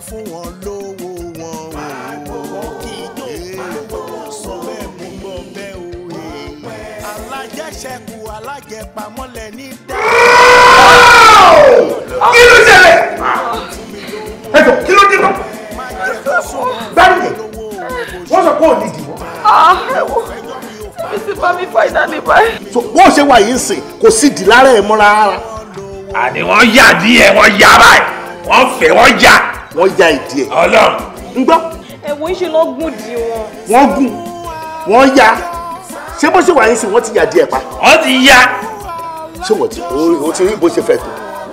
fún wọn lówó wọn o kìjọ sọ bẹ́ẹ̀ mú gbọ́ bẹ́ẹ̀ o alájẹṣẹ́kù alájẹpamọ́lẹ̀ ní dá. kí ló ṣẹlẹ̀ ah. ẹjọ kí ló dìbò bẹ́ẹ̀ni wọ́n sọ pé ò ní dìbò. Bísí ah, bá mi fọ́ ìdáni báyìí. Wọ́n ṣe wà yìí ń kò sí ìdí lára ẹ̀ mọ́ Àní wọ́n yà díẹ̀ wọ́n yà báyìí wọ́n fẹ́ wọ́n yà wọ́n ya ìdí ẹ̀. ọlọ́run. ń gbọ́. ẹ̀wọ̀n ìṣe lọ gùn di wọn. wọ́n gùn wọ́n ya ṣé bó ṣe wà yín sí wọ́n ti ya díẹ̀ pa. wọ́n ti ya. ṣé wọ́n ti o ti rí bó ṣe fẹ́ tó.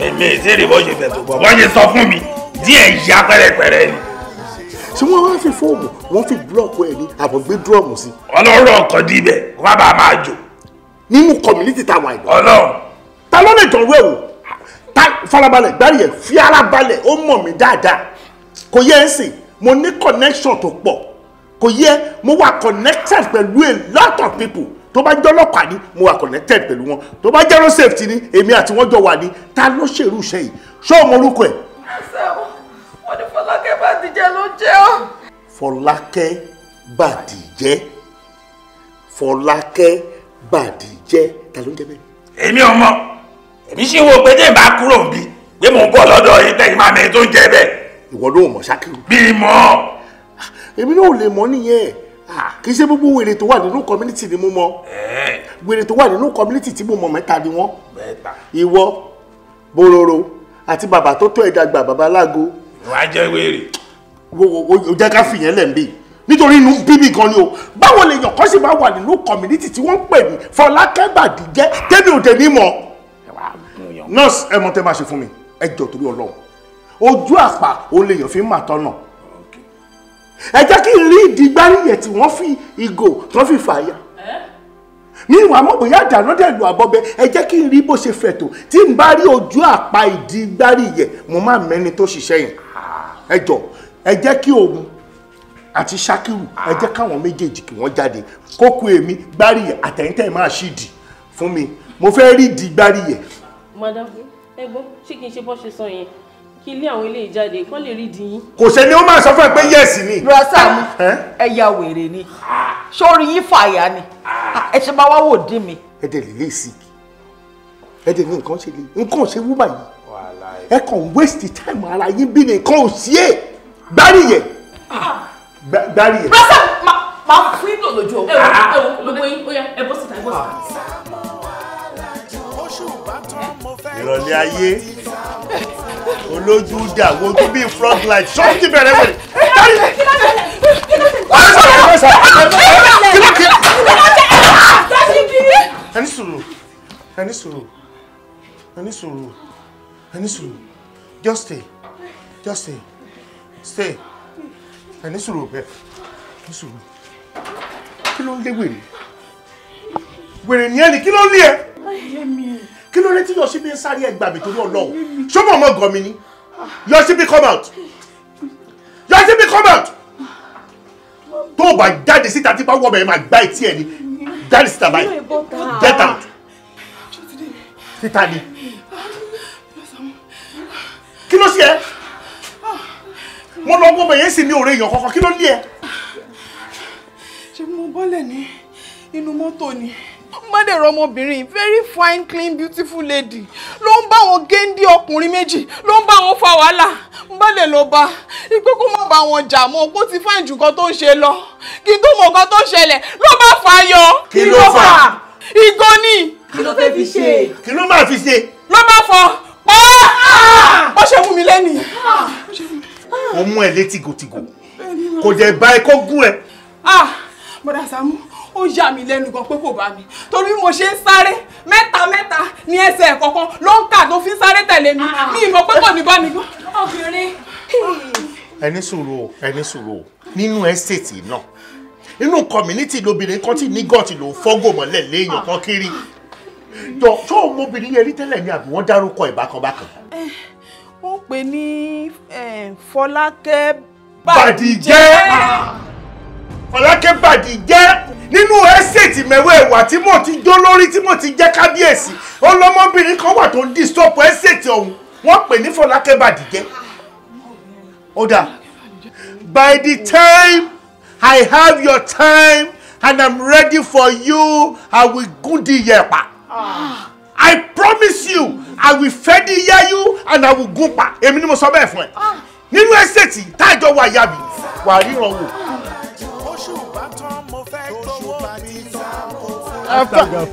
èmi ìṣe rí bó ṣe fẹ́ tó bọ̀ wọ́n ṣe sọ fún mi díẹ̀ ya pẹ́rẹpẹ́rẹ ni. ṣé wọ́n wá fi fóòmù wọ́n fi búlọ̀kù ẹ̀ ní àbọ̀ gbé dúrọ̀mù sí. ọlọ́run ọkọ̀ dibẹ̀ kó má bàa máa jò. nínú community táwọn àìdán. ọlọ́run. ta ló lè jọ̀rú ẹ̀ wò farabalẹ̀ gbárí ẹ̀ fi ara balẹ̀ ó mọ̀ mí dáadáa kò yẹ ẹ́ sìn mo ní connection tó pọ̀ kò yẹ mo wà connected pẹ̀lú a lot of people tó bá jẹ́ ọlọ́pàá ni mo wà connected pẹ̀lú wọn tó bá jẹ́ safety ni èmi àti wọn jọ wà ní ta ló ṣèrú iṣẹ́ yìí ṣé o mọ orúkọ ẹ̀. wọ́n ní Fọlákẹ́ Bàdìjẹ́ ló jẹ́ ọ́. Fọlákẹ́ Bàdìjẹ́ Fọlákẹ́ Bàdìjẹ́ ta ló ń jẹ bẹ́ẹ̀. èmi ò mọ èmi ṣe wo pé dèbà kúrò ń bí pé mò ń bọ̀ lọ́dọ̀ yìí bẹ́ẹ̀ ni màmí tó ń jẹ bẹ́ẹ̀ ìwọ ló mọ̀ ṣákìrù. mi mọ̀. èmi náà ò lè mọ̀ nìyẹn ah. kì í ṣe gbogbo wèrè tó wà nínú community ni mo mọ̀ eh. wèrè tó wà nínú community tí mo mọ̀ mẹ́ta ni wọ́n ìwọ bororo àti bàbá tó tó ẹ̀dá gba bàbá alágo. wàá jẹ́ wèrè. o jẹ́ ká fìyẹn lẹ̀ ń bì nítorí inú bíbí gan ni o báwo lè yàn kọ́ sí máa wà nínú community tí wọ́n ń pè ní Fọlákẹ́gbàdìjẹ́ tẹ́mi ò tẹ̀ ní mọ̀ nọ́ọ̀sì ẹ̀ mọ̀ tẹ́ máa ṣe fún mi ẹ jọ̀ọ́ torí Ọlọ́run ojú àpá òun lèèyàn fi ń mà tọ́nà ẹ jẹ́ kí n rí ìdígbáríyẹ̀ tí wọ́n fi ìgò tó fi fàyà mi ìwà mọ̀ bóyá àdàná dẹ̀ lu àbọ̀bẹ ẹ jẹ́ kí n rí bó ṣe fẹ̀tò tí n bá rí ojú àpá ìdígbáríyẹ̀ mo máa mẹ́ni tó ṣiṣẹ́ yẹn ah. ẹ jọ ẹ jẹ́ kí òun àti ṣakiru ẹ jẹ́ ah. káwọn méjèèjì kí wọ́n jáde kókó èmi gbáríyẹ̀ àtẹ̀yìntẹ̀ máa ṣídìí fún mi mo fẹ́ rí ìdígbáríyẹ̀. madam ẹ gbọ́ ṣé kí n ṣe bọ́ ṣe sọ yẹn kí ilé àwọn ilé ìjáde kán lè rí dìyín. kò ṣe ni ó máa sọ fún ẹ pé yẹ́ẹ̀sì ni. rasa mu ẹ̀yà wèrè ni sórí yín fàyà ni ẹ ṣe máa wá wò dín mi. ẹ dẹ̀ lè lé sí i ẹ dẹ̀ ní nǹkan ṣe lè nǹkan ṣe wú báyìí ẹ kàn waste time ara yín bí nìkan ò sí ẹ gbárí yẹ gbárí yẹ. rasa máa fún ìlò lójú ọ̀hún. ẹ wò ó ah. gbogbo yín ó ẹ bọ́ síta ẹ bọ́ síta. ìrọ̀lẹ́ ayé olójú dà wojú bíi front light ṣọ́ọ̀kì bẹ̀rẹ̀ wẹ̀. ẹ ní sùúrù ẹ ní sùúrù ẹ ní sùúrù ẹ ní sùúrù just stay just stay stay ẹ ní sùúrù bẹ́ẹ̀ ní sùúrù kí ló ń lé wèrè wèrè nìyẹn ni kí ló ń lé ẹ kí ló dé tí Yọ̀ṣíbí ń sáré ẹgbàá mi torí ọlọ́wọ́ ṣọ́mọ̀ ọmọ gan mi ni ah. Yọ̀ṣíbí come out Yọ̀ṣíbí come out tó o bá jáde síta tí bá wọ́ bẹ̀rẹ̀ máa gbá etí ẹ̀ ni jáde síta báyìí get out síta ni kí ló ṣe ẹ́ ah. mo lọ wọ́ bẹ̀rẹ̀ yẹn sì ní òré èèyàn kankan kí ló ní ẹ. ṣé mo bọ́lẹ̀ ní inú mọ́tò ni mọ́dẹ̀rọ ọmọbìnrin very fine clean beautiful lady ló ń bá wọn géńdé ọkùnrin méjì ló ń bá wọn fa wàhálà ń bá lè lọ bá ipe kó má bá wọn jà mọ́ kó ti fáìn jù nǹkan tó ń ṣe lọ kí n tó mọ nǹkan tó ń ṣẹlẹ̀ ló bá fà á yọ. kí ló fà ìgò ni. kí ló fẹ́ fi ṣe. kí ló máa fi ṣe. ló bá fọ pọ́ ah! ó ṣe wù mí lẹ́nìí. ó mú ẹ létí gòtìgò kò jẹ́ báyìí kó gún ẹ. Ah! bọ́dà Sàámú ó yà mí lẹ́nu gan pé kò bá mi torí mo ṣe ń sáré mẹ́ta mẹ́ta ní ẹsẹ̀ kọ̀ọ̀kan ló ń kà tó fi ń sáré tẹ̀lé mi ah. mi ìmọ̀ pé kò ní bá mi gbọ́. obìnrin. ẹni sùúrù o ẹni sùúrù o nínú ẹ́stéètì náà inú kọ̀mínítì lóbìnrin kan tí nígọ̀tì ló fọ́gò mọ́lẹ̀ léèyàn kan kiri jọ tó ọmọbìnrin yẹn rí tẹ́lẹ̀ ni àbí wọ́n dárúkọ ìbákanbákan. ó eh, pè ní eh, Fọlákẹ́ Bàdìjẹ́. Fọlákẹ́bàdì jẹ́ nínú ẹ́sẹ̀tì mẹ́wẹ́ ẹ̀wà tí mo ti jó lórí tí mo ti jẹ́ kábíyèsí ọlọ́mọbìnrin kan wà tó ń distop ẹ́sẹ̀tì ọ̀hún wọ́n pè ní Fọlákẹ́bàdì jẹ́. ó dà by the time I have your time and I'm ready for you I will gundi yẹ̀pà. Ah. I promise you I will fẹ́dí yá you and I will gunpa èmi ni mo sọ bẹ́ẹ̀ fún ẹ ah. nínú ẹ́sẹ̀tì táàjọ wà yá mi wà ríran wò. after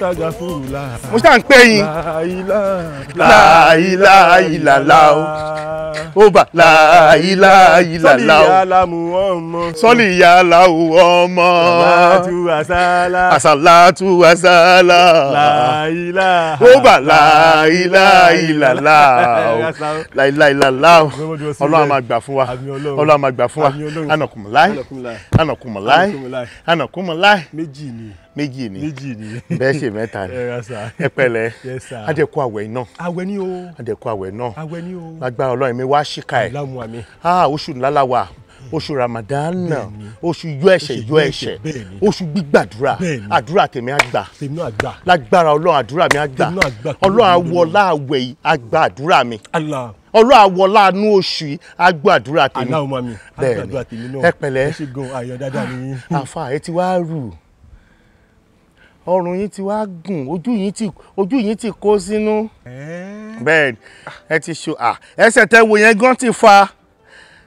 sàgàfúrúlà. mo ṣáà ń pẹ́ yín. láìláìlàlá o ó bà láìláìlàlá o. sọ́lì ìyá alámù ọmọ. sọ́lì ìyá aláwù ọmọ. àsàlátù àsálà. àsàlátù àsálà. láìlá. ó bà láìláìlàlá o. láìláìlàlá o. ọlọ́run máa gbà fún wa ọlọ́run máa gbà fún wa anakumulai anakumulai anakumulai. méjì ni méjì ni méjì ni bẹ́ẹ̀ ṣe mẹ́ta ni ẹ pẹ̀lẹ́ adẹ̀kọ àwẹ̀ náà àwẹ̀ ni o adẹ̀kọ àwẹ̀ náà àwẹ̀ ni o lágbára ọlọ́run mi wá ṣíkà ẹ̀ ah oṣù ńlá la wà oṣù ramadana oṣù yọ ẹ̀ṣẹ̀ yọ ẹ̀ṣẹ̀ oṣù gbígbàdúrà àdúrà tèmi àgbà lágbára ọlọ́run àdúrà mi àgbà ọlọ́run awọlá àwẹ̀ yìí àgbà àdúrà mi ọlọ́run àwọlá anú oṣù yìí àgbà àdúrà tèmi bẹ́ẹ̀ ni ẹ pẹ̀lẹ́ àfa ẹ ti wá rù ọrùn yín ti wá gùn ojú yín ti ojú yín ti kó sínú. bẹ́ẹ̀ ẹ ti ṣo ẹsẹ̀ tẹ wo yẹn gan ti fa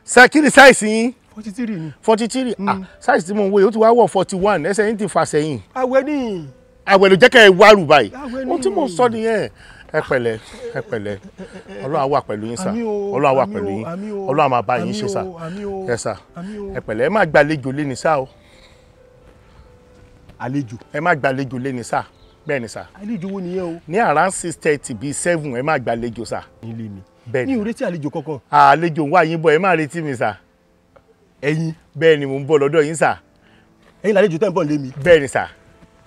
sẹ́kìrì sáìsì yín. forty three ni. forty three ah hmm. sáìsì tí mo ń wo yìí ó ti wá wọ̀ forty one ẹsẹ̀ yín ti fa sẹ́yìn. àwẹ̀ ni. àwẹ̀ ló jẹ́ kẹ́ ẹ wá rù báyìí ohun tí mo sọ nìyẹn ẹ pẹ̀lẹ́ ẹ pẹ̀lẹ́ Ọlọ́run á wà pẹ̀lú yín sà Ọlọ́run á wà pẹ̀lú yín Ọlọ́run á máa bá yín ṣe sà ẹ sà ẹ pẹ̀lẹ́ gbàlejò lé ní sà o àlejò. ẹ má gbàlejò lé ní sà bẹ́ẹ̀ ni sà. àlejò wo nìyẹn o. ní around six thirty bíi seven ẹ má gbàlejò sà. nílé mi bẹ́ẹ̀ ni mi ò retí àlejò kankan. àlejò ń wá yín bọ̀ ẹ má retí mi sà. ẹ̀yin. bẹ́ẹ̀ ni mò ń bọ̀ lọ́dọ̀ yín sà. ẹ̀yin làlejò tẹ́ ń bọ̀ lé mi. bẹ́ẹ̀ ni sà.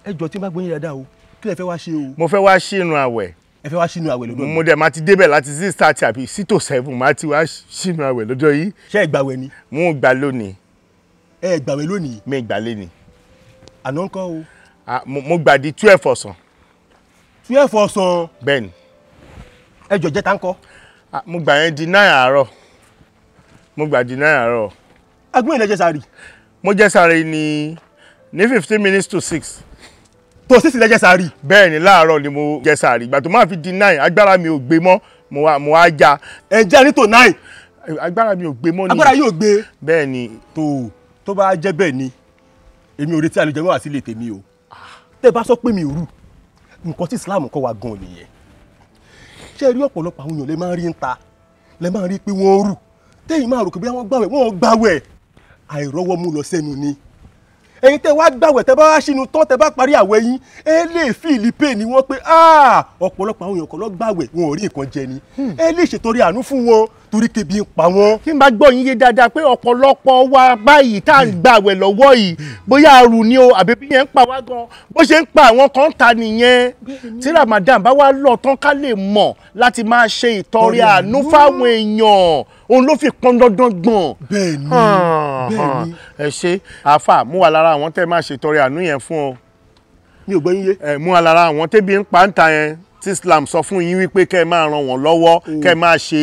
ẹ jọ tí n bá gbóyin dáadáa o kí lẹ fẹ́ wá ṣe o. mo fẹ́ wá ṣínú àwẹ̀. ẹ fẹ́ wá ṣínú àwẹ̀ lọ́dọ̀ mi. mo dẹ̀ máa ti débẹ̀ láti six thirty àbí six to seven máa ti wá ṣínú àwẹ̀ lọ́dọ̀ yìí. ṣé ẹ gbàwẹ̀ ni. mo gbà lónìí. ẹ gbàwẹ̀ lónìí. mi gbà lónìí àná ńkọ́ o. mo gbà di twelve ọ̀sán. twelve ọ̀sán. bẹ́ẹ̀ni. ẹ jọ jẹ́ta ńkọ́. mo gbà yẹn di nine àárọ̀ mo gbà di nine àárọ̀. agbóyin lẹ jẹ sáré. mo jẹ sáré ní ní fifteen minutes to six tó sì sì lẹ́jẹ̀ sáré. bẹ́ẹ̀ ni láàárọ̀ ni mo jẹ sáré ìgbà tó máa fi di nine agbára mi ò gbé mọ́ mo wá mo wá já. ẹ já ní tò nine. agbára mi ò gbé mọ́ ni. agbára yóò gbé. bẹ́ẹ̀ ni. tó tó bá jẹ́ bẹ́ẹ̀ ni èmi ò retí àlejò mẹ́wàá sílé tèmi o tẹ́ ẹ bá sọ pé mi ò rù nǹkan tí Islam kọ́ wa gan nìyẹn ṣé rí ọ̀pọ̀lọpọ̀ àwọn èèyàn lè máa rí ń ta lè máa rí pé wọ́n rù téyìn máa rò pé wọ́n gbàwẹ̀ wọ́n gbàwẹ̀ àìrọ́wọ́ mú lọ sẹ́nu ni ẹ̀yin tẹ́ wá gbàwẹ̀ tẹ́ bá wá sínú tán tẹ́ bá parí àwẹ̀ yín ẹ lè fi ìlípè ni wọ́n pé ah! ọ̀pọ̀lọpọ̀ àwọn èèyàn kan lọ gbàwẹ̀ wọn ò rí nǹkan jẹ ni hmm. ẹ lè ṣètọrẹ àánú fún wọn torí kebi ń pa wọ́n. tí n bá gbọ́ yín yé dáadáa pé ọ̀pọ̀lọpọ̀ wa báyìí tá à ń gbà wẹ̀ lọ́wọ́ yìí bóyá àrùn ni o àbí bí yẹn ń pa wá gan bó ṣe ń pa àwọn kan ta nìyẹn tí Ramadan bá wá lọ tán ká lè mọ̀ láti máa ṣe ìtọrẹ àánú fáwọn èèyàn òun ló fi pọn dandan gbọ̀n. bẹ́ẹ̀ni bẹ́ẹ̀ni. ẹ ṣe àáfà mú wa lára àwọn tẹ́ máa ṣètọrẹ àánú yẹn fún ọ mi ò gbọ́ yín yé. ẹ mú alára àwọn tẹ́bi ń pa ń ta yẹn tí Islam sọ fún yín wípé kẹ́ ẹ máa ràn wọ́n lọ́wọ́ mm. kẹ́ ẹ máa ṣe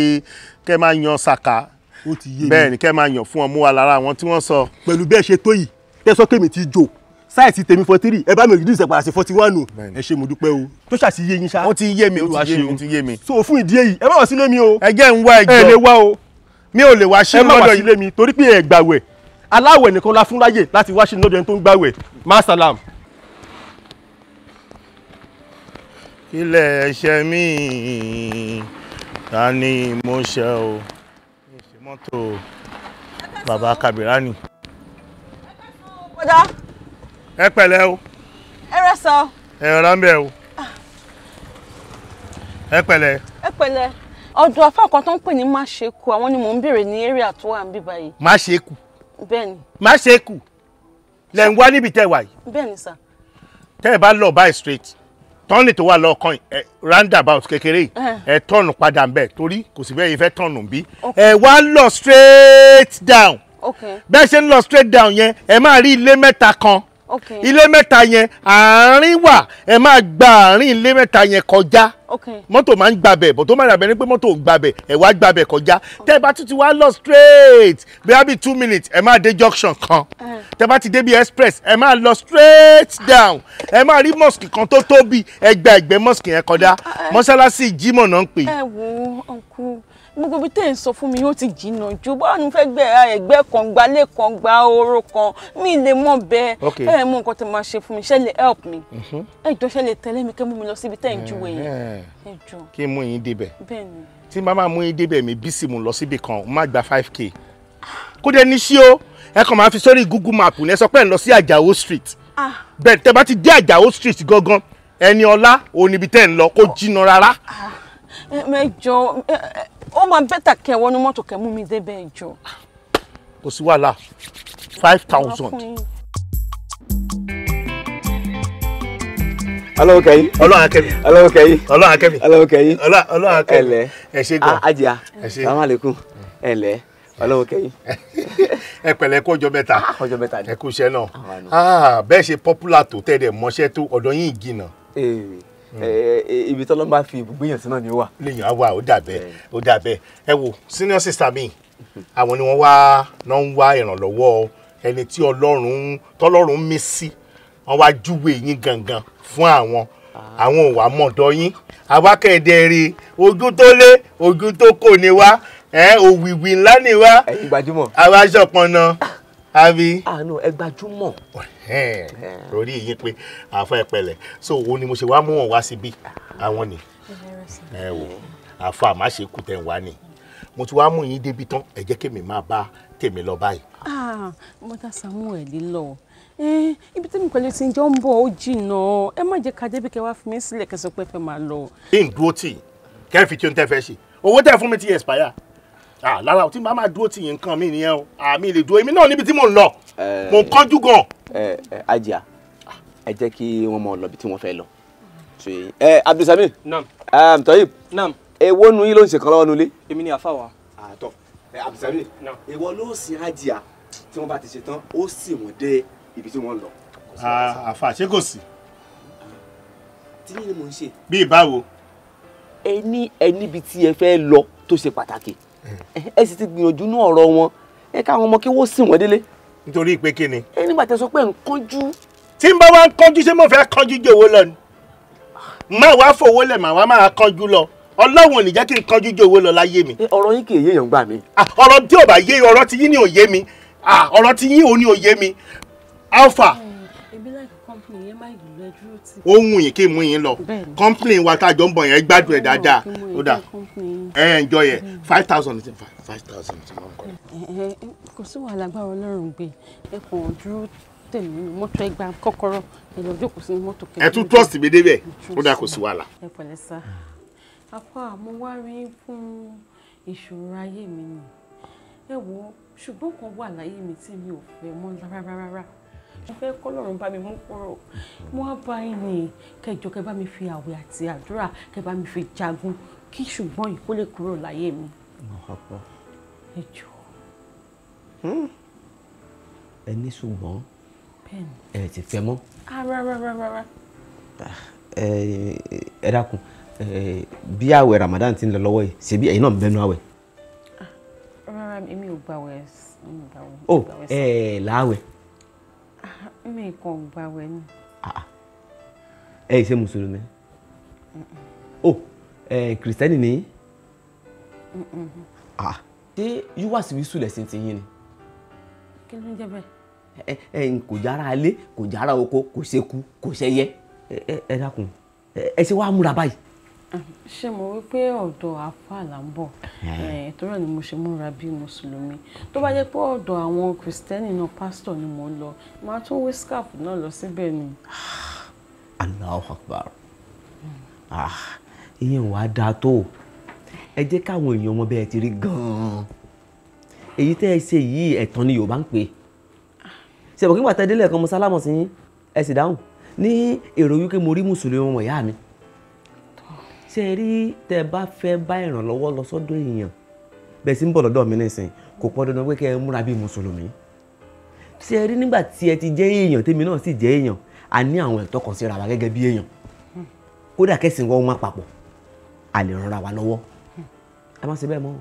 kẹ́ máa yan saka bẹ́ẹ̀ ni kẹ́ máa yan fún ọmú wa lára àwọn tí wọ́n sọ. pẹ̀lú bẹ́ẹ̀ ṣe tó yìí tẹ́ sọ pé mi ti jò sáìsì tèmi forty three ẹ bá mi reduce ẹ̀pàdà sí forty one o ẹ ṣe mo dúpẹ́ o tó ṣàṣì yé yín ṣá. ó ti yé mi ó ti yé mi ti yé mi. so fún ìdí èyí ẹ má wá sílé mi o. ẹ jẹ́ ń wá ẹjọ́ ẹ lè wá o. mi ò lè wá ṣe lọ́dọ̀ yìí. ẹ má wá sílé mi torí pé ẹ gbàwẹ̀ aláwẹ̀ nìkan la fún láyè láti wá ṣe lọ́dọ̀ ẹni tó ń gbàwẹ̀ má sàlám. ilé ẹ̀ṣẹ̀ rani mọ́ṣẹ́ o ṣe mọ́tò bàbá kabirani. kódà. ẹ pẹ̀lẹ́ o. ẹ rẹ sọ. ẹ rọra ń bẹ̀ o. Ah. ẹ pẹ̀lẹ́. ẹ pẹ̀lẹ́ ọ̀dọ̀ afá kan tó ń pè ní máṣekù àwọn ni mò ń béèrè ní area tó wà ń bí báyìí. máṣekù. bẹ́ẹ̀ni. máṣekù lẹ ń wá níbi tẹ́ wà yìí. bẹ́ẹ̀ni sà. tẹ́ ẹ bá lọ báyìí straight tọ́ọ̀nì tó wà lọ́ọ̀kan ẹ roundabout kékeré yìí ẹ tọ́ọ̀nù padà bẹ̀ torí kò sí bẹ́ẹ̀ yìí fẹ́ tọ́ọ̀nù bí ẹ wá lọ straight down bẹ́ẹ̀ ṣe ń lọ straight down yẹn ẹ máa rí ilé mẹ́ta kan ilé mẹ́ta yẹn àárín wà ẹ máa gba àárín ilé mẹ́ta yẹn kọjá mọ́tò máa ń gbabẹ̀ bọ̀ tó máa dàbẹ̀ ni pé mọ́tò ń gbabẹ̀ ẹ wá gbabẹ̀ kọjá tẹ́ ẹ bá tún ti wá lọ straight bí i two minutes ẹ máa dé junction kan eh. tẹ́ ẹ bá ti dé bí express ẹ máa lọ straight down ẹ máa rí mosque kan tó tóbi ẹgbẹ́ ẹgbẹ́ mosque yẹn kọjá eh. mọ́sálásí Jímọ̀ náà ń pè. ẹ eh, wo ọkùnrin gbogbo bí tẹ̀ ń sọ fún mi ó ti jìnnà ju báwo fẹ́ gbẹ ẹgbẹ́ kan gba lé kan gba oró kan mi lè mọ̀ bẹ́ẹ̀ ẹ mọ nǹkan tó máa ṣe fún mi ṣe lè help mi mhm. ẹ jọ ṣe lè tẹ̀lé mi kẹ́ mú mi lọ síbi tẹ̀ ń ju wẹ̀ kí n mú yín débẹ̀ tí n bá máa mú yín débẹ̀ mi bí sì mú lọ síbi kan má gba five k kó dé ní sí o ẹ kàn máa fi sórí google map ní ẹ sọ pé ẹ lọ sí àjàó street ah. bẹ́ẹ̀ tẹ́ bá ti dé àjàó street gangan ẹni ọlá òun níbi tẹ́ ń lọ kó ah. jìnnà rárá. mẹjọ ah ó máa bẹ́tà kẹ́ ẹ wọnú mọ́tò kẹ́ mú mi débẹ̀ ìjọ. kò sí wàhálà five thousand. Ọlọ́run kẹ́yìn. Ọlọ́run akẹ́mi. Ọlọ́run kẹ́yìn. Ọlọ́run akẹ́mi. Ọlọ́run kẹ́yìn. Ọlọ́run akẹ́mi. Ẹ̀lẹ́. Ẹ ṣé gan. Ah, ajá. Ẹ ṣé. Salamu alaikum. Mm. Ẹ̀lẹ́. Ọlọ́run kẹ́yìn. Ẹ pẹ̀lẹ́ kó ọjọ́ mẹ́ta. Ah, ọjọ́ mẹ́ta ni. Ẹ kú iṣẹ́ náà. Ah, bẹ́ẹ̀ ṣe popular tó tẹ̀ dẹ̀ mọ́ṣẹ́ tó ọ̀dọ̀ yín ìgìnà. Eh ibi tọ́lọ́ bá fi ibùgbé náà ni ó wà. lèyìn àwa ó dà bẹ́ẹ̀ ó ẹ wo senior sister mi àwọn ni wọ́n wá náà ń wá ìrànlọ́wọ́ ẹni tí ọlọ́run tọ́lọ́run mí sí wọ́n wá júwe yín gangan fún àwọn àwọn ò wá mọ̀dọ́ yín àwákẹ́dẹ́ rí ojú tó lé ojú tó kò ní wá òwìwì ńlá ní wá àwa ṣọ̀pọ̀nà àbí. àánú ẹ gbajúmọ̀. lórí yìí pé àáfà ìpẹlẹ so òun ni mo ṣe wá mú wọn wá síbí àwọn ni ẹ wò àáfà má ṣe kù tẹ̀ ń wá ni mo ti wá mú yín débi tán ẹ jẹ́ kémi máa bá tèmi lọ báyìí. mọ́tà samuel lọ ibi tẹ́mi pẹ̀lú ti ń jọ ń bọ̀ ó jìnnà ẹ má jẹ́ ká débi kẹ́ wá fi mí sílẹ̀ kẹsàn-án pẹ́ fẹ́ máa lọ. kí n dúró tì kẹ́ fi tí o ń tẹ́ fẹ́ ṣe owó tẹ̀ fún mi ti expire. Ah, lára òtí màá máa dúró ti yẹn nǹkan mi nìyẹn o àmì ah, lè dúró èmi náà níbi tí mò ń lọ mò ń kánjú gan. ẹ ẹ ajá ẹ jẹ́ kí wọ́n mọ̀ lọ́bi tí wọ́n fẹ́ lọ. ẹ abdulsami. naam. tọ́yìb. naam. èwo nu yín ló ń ṣe kan lọ́wọ́ nulẹ̀. èmi ni àfa wa. àtọ ah, ẹ abdulsami. naam. èwo ló sin ajá tí wọ́n bá ti ṣe tán ó sì wọ́n dé ibi tí wọ́n lọ. àfa ṣé kò sí. tí ni mò ń ṣe. bí ìbáwo. ẹ ní ẹ níbi tí ẹ fẹ́ lọ tó ṣe pàtàkì ẹ sì ti gbìyànjú ní ọ̀rọ̀ wọn ẹ káwọn ọmọ kí wọ́n sìn wọ́n délé. nítorí pé kí ni. ẹ nígbà tẹ sọ pé ń tí n bá wá ń kánjú ṣé mo fẹ́ kánjú jòwó lọ ni má wàá fowó lẹ̀ mà wá máa kánjú lọ ọlọ́run ò ní jẹ́ kí n kánjú jòwó lọ láyé mi. ọ̀rọ̀ yín kì í yéèyàn gbà mí. Ah, ọ̀rọ̀ tí ò bá yé ọ̀rọ̀ tí yín ni òye mi ah, ọ̀rọ̀ tí yín ò ní òye mi alpha. Mm ó wù yín kí mú yín lọ company wa tájọ ń bọ̀ yẹn gbádùn ẹ̀ dáadáa ó dà ẹ ẹ enjoy ẹ five thousand five thousand ti mọ̀ nǹkan. kò sí wàhálà agbára ọlọ́run gbé ẹ kàn dúró tèmi nínú mọ́tò ẹ gba kọ́kọ́rọ́ ẹ lọ jókòó sínú mọ́tò kẹ̀kẹ́. ẹ tún trust mi débẹ̀ ó dà kò sí wàhálà. ẹ pẹ̀lẹ́ sá apá mo wá rí fún ìṣòro ayé mi ni ẹ wo ṣùgbọ́n kan wà láyé mi tí mi ò fẹ́ mọ́ rárá rárá mo fẹ́ kọ́lọ́run bá mi mú kúrò mo á bá yín ní kẹjọ kẹ bá mi fi àwẹ̀ àti àdúrà kẹ bá mi fi jagun kí ṣùgbọ́n yìí kó lè kúrò láyé mi. ẹ jọ. Hmm? ẹ ní ṣùgbọ́n ẹ ti fẹ́ mọ́. ara ah, rárá rárá. ẹ dákun bí àwẹ̀ Ramadan ti ń lọ lọ́wọ́ yìí ṣebí ẹ̀yin náà ń bẹnu àwẹ̀. Ah, rárá èmi ò gbàwẹ̀. o oh, ẹ láwẹ̀ mi kàn gbàwẹ̀ ni. Ah, ah. ẹ ṣe mùsùlùmí o oh, kìrìsìtẹ́nì ni ah. ṣé yíwá síwísù lẹ̀sìn ti yín ni. kí ló ń jẹ bẹ́ẹ̀. ẹ ẹ kò jára alé kò jára oko kò ṣe ku kò ṣe yẹ ẹ ẹ dákun ẹ ṣe wàá múra báyìí ṣé mo wí pé ọ̀dọ̀ àfa là ń bọ̀ ìtọ́rọ̀ ni mo ṣe múra bí mùsùlùmí tó bá jẹ́ pé ọ̀dọ̀ àwọn kìrìsìtẹ́nì náà pásítọ̀ ni mo lọ máa tún wé scarf náà lọ síbẹ̀ ni. Allahu Akbar ah, ìyẹn wàá dáa tó ẹ jẹ́ káwọn èèyàn ọmọ bẹ́ẹ̀ ti rí gan-an èyí tẹ́ ẹ ṣe yìí ẹ̀tàn ni Yorùbá ń pè ṣèbọ̀kí pàtẹ́dẹ́lẹ̀ kan mo sálámọ̀ sí ẹ sì dáhùn ní èrò wípé mo rí mùsùlùmí ọmọ ìyá mi ṣé ẹ rí tẹ́ ẹ bá fẹ́ bá ìrànlọ́wọ́ lọ sọ́dọ̀ èèyàn bẹ́ẹ̀ sì ń bọ̀ lọ́dọ̀ mi nísìn kò pọn dandan pé kẹ́ ẹ múra bíi mùsùlùmí ṣé ẹ rí nígbà tí ẹ ti jẹ́ èèyàn tèmi náà sì jẹ́ èèyàn a ní àwọn ẹ̀tọ́ kan síra wa gẹ́gẹ́ bí èèyàn kódà kẹ́sìn wọn má papọ̀ a lè ràn ra wa lọ́wọ́ ẹ má ṣe bẹ́ẹ̀ mọ́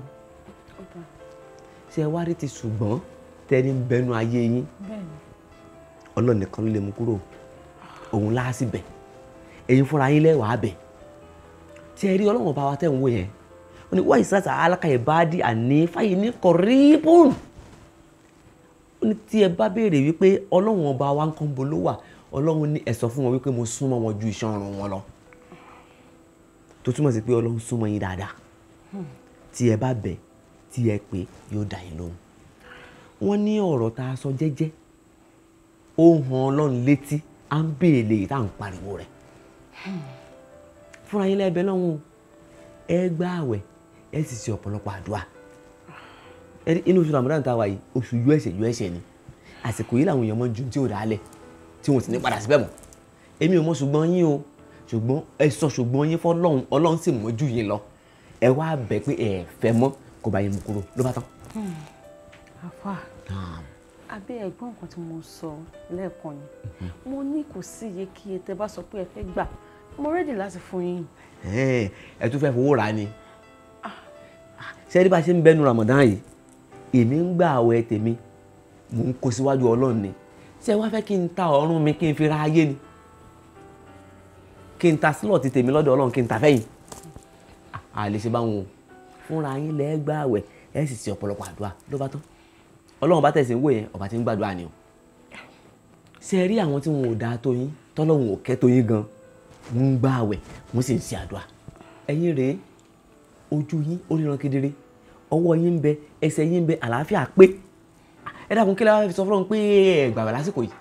ṣé ẹ wá rí ti ṣùgbọ́n tẹ́ni bẹnu ayé yín ọlọ́ọ̀nìkan ló lè mú kúrò òun láásì bẹ̀ ẹ̀yin fúnra yín lẹ́wàá bẹ̀ tí ẹ rí ọlọ́run bá wa tẹ̀ ń wò yẹn ó ní wáyé sáà sáà alaka ìbáàdì àní fáyé ní kọ̀rìbùn ó ní tí ẹ bá béèrè wípé ọlọ́run ọba wa ń kàn bó ló wà ọlọ́run ní ẹ sọ fún wọn wípé mo súnmọ́ wọn ju iṣan ọrùn wọn lọ tó túmọ̀ sí pé ọlọ́run súnmọ́ yín dáadáa tí ẹ bá bẹ̀ tí ẹ pé yóò dá yín lóhùn wọ́n ní ọ̀rọ̀ tá a sọ jẹ́jẹ́ ó hàn ọlọ́run létí à ń béèlè tá ń pariwo rẹ̀ fúnra yín lẹ́ẹ̀bẹ̀ lọ́hùn o ẹ gba àwẹ̀ ẹ sì ṣe ọ̀pọ̀lọpọ̀ àdúrà inú oṣù Ramadan tá a wà yìí oṣù yú ẹ̀ṣẹ̀ yú ẹ̀ṣẹ̀ ni àsìkò yìí làwọn èèyàn mọ ju tí ò dálẹ̀ tí wọn sì ní padà síbẹ̀ mọ́ èmi ò mọ ṣùgbọ́n yín o ṣùgbọ́n ẹ sọ ṣùgbọ́n yín fọlọ́run ọlọ́run sì mọ́ jù yín lọ ẹ wá bẹ̀ pé ẹ fẹ́ mọ́ kó bá yín mú kúrò ló bá tán. Hmm, àfà abẹ́ ẹ̀gbọ́n nǹkan tí mo sọ lẹ́ẹ̀kan ni mhm. mo ní kò sí iye kí ẹ tẹ bá sọ pé ẹ fẹ́ gbà mo rédì láti fún yín. ẹ tún fẹ́ fowó rà ni ṣé rí bá ṣe ń bẹnu Ramadan yìí èmi ń gba àwẹ̀ tèmi mò ń kó síwájú Ọlọ́run ni ṣé wàá fẹ́ kí n ta ọ̀run mi kí n fi ra ayé ni kí n ta sílọ̀tì tèmi lọ́dọ̀ Ọlọ́run kí n ta fẹ́yìn àlè ṣe báwọn o fúnra yín lẹ́ gbà àwẹ̀ ẹ sì ṣe ọ̀pọ̀lọpọ̀ àdúrà ló bá tán Ọlọ́run bá tẹ̀sí ń wò yẹn ọba tí ń gbàdúrà ni o ṣe rí àwọn tí wọn ò dáa tó yín tọ́lọ́run ò kẹ́ tó yín gan-an wọ́n ń gbá àwẹ̀ wọ́n sì ń ṣe àdúrà ẹ̀yin rèé ojú yín ó ríran kedere ọwọ́ yín ń bẹ ẹsẹ̀ yín ń bẹ àlàáfíà pé ẹ dàkún kí lẹ́wọ́n fi sọ fọlọ́run pé ẹ gbàgbà lásìkò yìí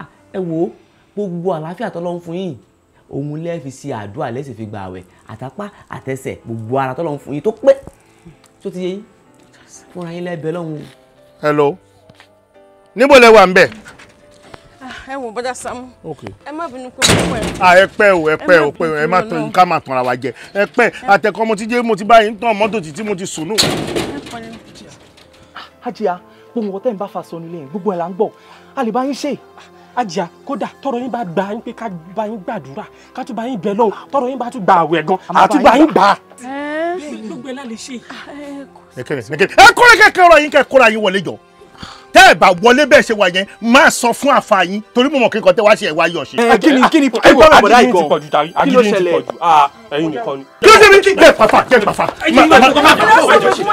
ah, ẹ wò ó gbogbo àlàáfíà tọ́lọ́run fún yín òun lẹ́ẹ̀ fi ṣe àdúrà lẹ́sẹ̀ fi gba àwẹ̀ àtàpá àtẹsẹ̀ gbogbo ara tọ́lọ́run fún yín tó pé tó ti yé yín fúnra yín lẹ́ẹ̀bẹ̀ lọ́hùn. hello níbo lẹ wà ń bẹ̀ ẹ wò bọ́dá Sàámú. ẹ má bínú pé mo pẹ́. ẹ pẹ́ o ẹ pẹ́ o pẹ́ o ẹ má tán ká má tanra wa jẹ ẹ pẹ́ àtẹ̀kọ́ mo ti jẹ́ mo ti báyìí ń tàn mọ́tò títí mo ti sùn nù. ajia gbogbo ọtẹ́ ń bá fa sọ nílé yẹn gbogbo ẹ̀ là ń gbọ́ a lè bá yín ṣe ajá kódà tọrọ yín bá gbà yín pé ká bá yín gbàdúrà ká tún bá yín bẹ lọ́hùn tọrọ yín bá tún gbà àwẹ̀ gan àti bá yín gbà. bẹ́ẹ̀ ló gbẹ lálẹ́ ṣe. ẹ kẹrẹ ẹ kẹrẹ ọ̀rọ̀ yín kẹ yín wọlé jọ tẹ́ ẹ̀ bá wọlé bẹ́ẹ̀ ṣe wà yẹn máa sọ fún àfa yín torí mo mọ̀ kí nǹkan tẹ́ wá ṣe ẹ̀ wá yọ̀ ṣe. kí ni kí ni ẹ gbọ́dọ̀ bọ̀dá ìgò kí ló ṣẹlẹ̀ ah, ẹ̀yin nìkan ni. kí ló ṣe ní kí jẹ́ pàfà jẹ́ pàfà.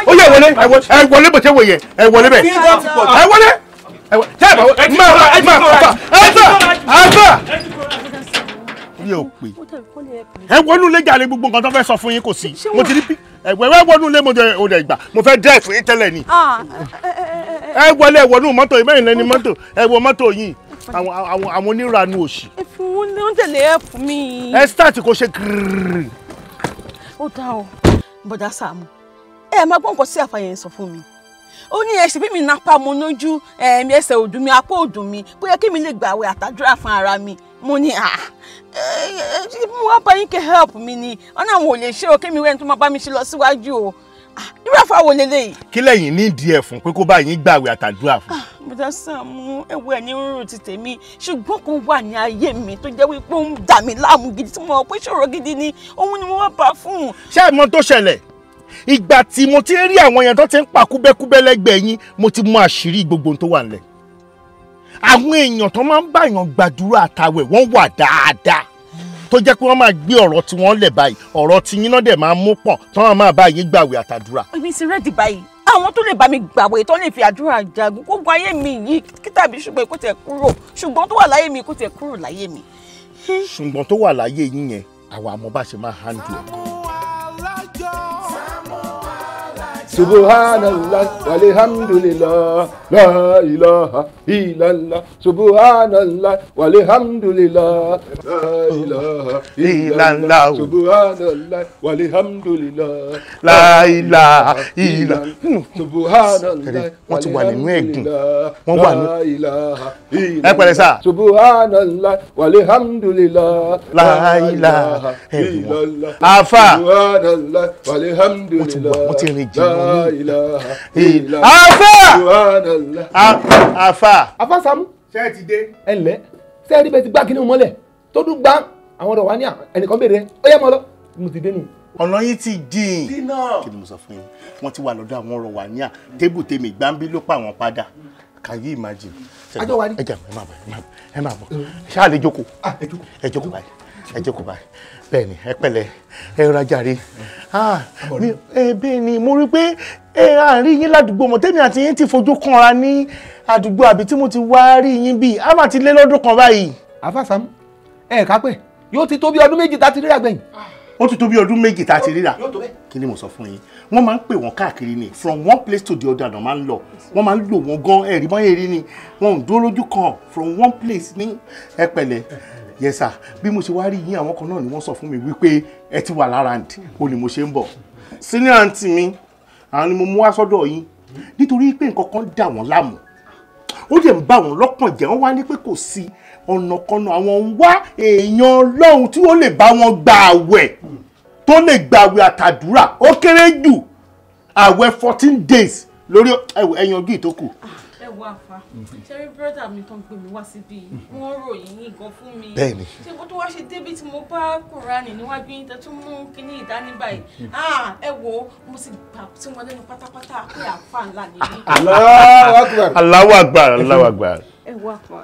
ó yẹ wọlé ẹ wọlé bó ṣe wò yẹ ẹ wọlé bẹ́ẹ̀ ẹ wọlé tẹ́ ẹ bá wọlé máa máa pàfà ẹ bá ẹ bá mi ò pè ẹ wọnú ilé jàre gbogbo nǹkan tó fẹ́ sọ fún yín kò sí mo ti rí pé ẹ̀wẹ̀ wẹ́ wọnú ilé mo jẹ òde ìgbà mo fẹ́ dẹ́ fún yín tẹ́lẹ̀ ni. Ah, ẹ ẹ wọlé ẹ wọnú mọ́tò yìí mẹ́rin lẹ́ni mọ́tò ẹ wọ mọ́tò yìí àwọn àwọn àwọn oníranu òsì. ìfún wọn tẹ̀lé ẹ fún mi. ẹ start kó ṣe kírírírì. ó dá o bọ̀dá Sàámú ẹ máa gbọ́ nǹkan sí àfàyàn sọ fún mi ó ní ẹsẹ̀ bí mi napa mo lójú ẹ̀mí ẹsẹ̀ òdùn mi apá òdùn mi bóyá kí mi lè gbà àwẹ̀ àtàdúrà fún ara mi mo ní à mo wá bá yín kẹ́ help mi ni ọ̀nà àwọn ò lè ṣe o kí mi wẹ́n tó máa bá mi ṣe lọ síwájú o irú àfọwọ́ lélẹ́yìí. kí lẹ́yìn ní ìdí ẹ̀ fún pé kó bá yín gbàwé àtàdúrà fún. bùdá Sàámú ẹwọ ẹ ní ti tèmi ṣùgbọ́n kan wà ní ayé mi tó jẹ́ wípé ó ń dà mí láàmú gidi tí mo mọ̀ pé ṣòro gidi ni òun ni mo wá bá fún. ṣé ẹ tó ṣẹlẹ̀ ìgbà tí mo ti rí àwọn èèyàn tó ti ń pa kúbẹ́kúbẹ́ lẹ́gbẹ̀ẹ́ yín mo ti mọ àṣírí gbogbo tó wà nílẹ̀ àwọn èèyàn tó máa ń báyàn gbàdúrà àtàwẹ̀ wọ́n wà dáadáa tó jẹ́ pé wọ́n máa gbé ọ̀rọ̀ tí wọ́n lẹ̀ báyìí ọ̀rọ̀ tí yín náà dẹ̀ máa mú pọ̀ tán á máa bá yín gbàwé àtàdúrà. èmi ti rẹ́ẹ̀dì báyìí àwọn tó lè bá mi gbàwé tó lè fi àdúrà jagun gbogbo ayé mi yìí kí tàbí ṣùgbọ́n kò tẹ̀ kúrò ṣùgbọ́n tó wà láyé mi kò tẹ̀ kúrò láyé mi. ṣùgbọ́n tó wà láyé yín yẹn àwa àmọ́ bá ṣe máa handle ẹ̀. subhanallah walhamdulillah la ilaha illallah subhanallah walhamdulillah la ilaha illallah subhanallah walhamdulillah la ilaha illallah hmm. subhanallah wọ́n ti wà nínú ẹ̀gùn wọ́n wà ní. ẹ pẹ̀lẹ́ sá. subhanallah walhamdulillah la ilaha illallah afa Subhanallah, wọ́n ti rìn jìnnà ilaha illallah. afa afa. afa samu. ṣé ẹ ti dé. ẹ ǹlẹ́ ṣé ẹ rí bẹ́ẹ̀ ti gbá kínní mọ́lẹ̀ tó dún gbá àwọn ọ̀dọ̀ wa ní ẹnìkan béèrè ó yẹ mọ́ lọ mo ti dé nù ọ̀nà yín ti jìn kí ni mo sọ fún yín wọ́n ti wà lọ́dọ̀ àwọn ọ̀rọ̀ wà ní à tébù tèmi gbáǹbí ló pa àwọn padà kàyí imagine. ajọ wa ni. ẹ jẹun ẹ máa bọ ẹ máa bọ ṣáà lè jókòó ẹ jókòó báyìí ẹ jókòó báyìí bẹ́ẹ̀ni ẹ pẹ̀lẹ́ ẹ rọra jàre ah, bẹ́ẹ̀ni mo rí pé àárín yín ládùúgbò mọ tèmi àti yín ti fojú kanra ní àdúgbò àbí tí mo ti wá rí yín bíi a máa ti lé lọ́dún kan báyìí. àfàsàmù ẹ ká pẹ yóò ti tó bí ọdún méjì tá a ti ríra gbẹ̀yìn. ó ti tó bí ọdún méjì tá a ti ríra kí ni mo sọ fún yín wọ́n máa ń pè wọ́n káàkiri ni from one place to the other náà máa ń lọ wọ́n máa ń lò wọ́n gan ẹ̀rí mọ́ ẹ̀rí ni wọ́n ń dúró lójú kan from one place ní ẹ pẹ̀lẹ́ yes sir bí mo ṣe wá rí yín àwọn kan náà ni wọ́n sọ fún mi wípé ẹ ti wà lára ǹdí o ni mo ṣe ń bọ̀ senior aunty mi àwọn ni mo mú wá sọ́dọ̀ yín nítorí pé nǹkan kan dà wọ́n láàmú ó dẹ̀ ń bá wọn lọ́kàn jẹ́ wọ́n wá ní pé kò sí ọ̀nà kan náà àwọn ń wá èèyàn ọlọ́run tí ó lè bá wọn gba àwẹ̀ tó lè gba àwẹ̀ àtàdúrà ó kéré jù àwẹ̀ fourteen days lórí ẹ̀yànjú ìtókù wà fa ṣẹ́rí bírọ́dà mi tó ń gbé mi wá síbí mhm. wọ́n ròyìn yín gan fún mi bẹ́ẹ̀ni ṣé kó tó wá ṣe débi tí mo bá kùránì níwájú yín tó tún mú kínní ìdání báyìí mhm. ah, ẹ wo mo sì gbà tí wọ́n lẹ́nu pátápátá pé àfa ńlá ni mí. aláwọ̀ àgbà aláwọ̀ àgbà. ẹ wá fa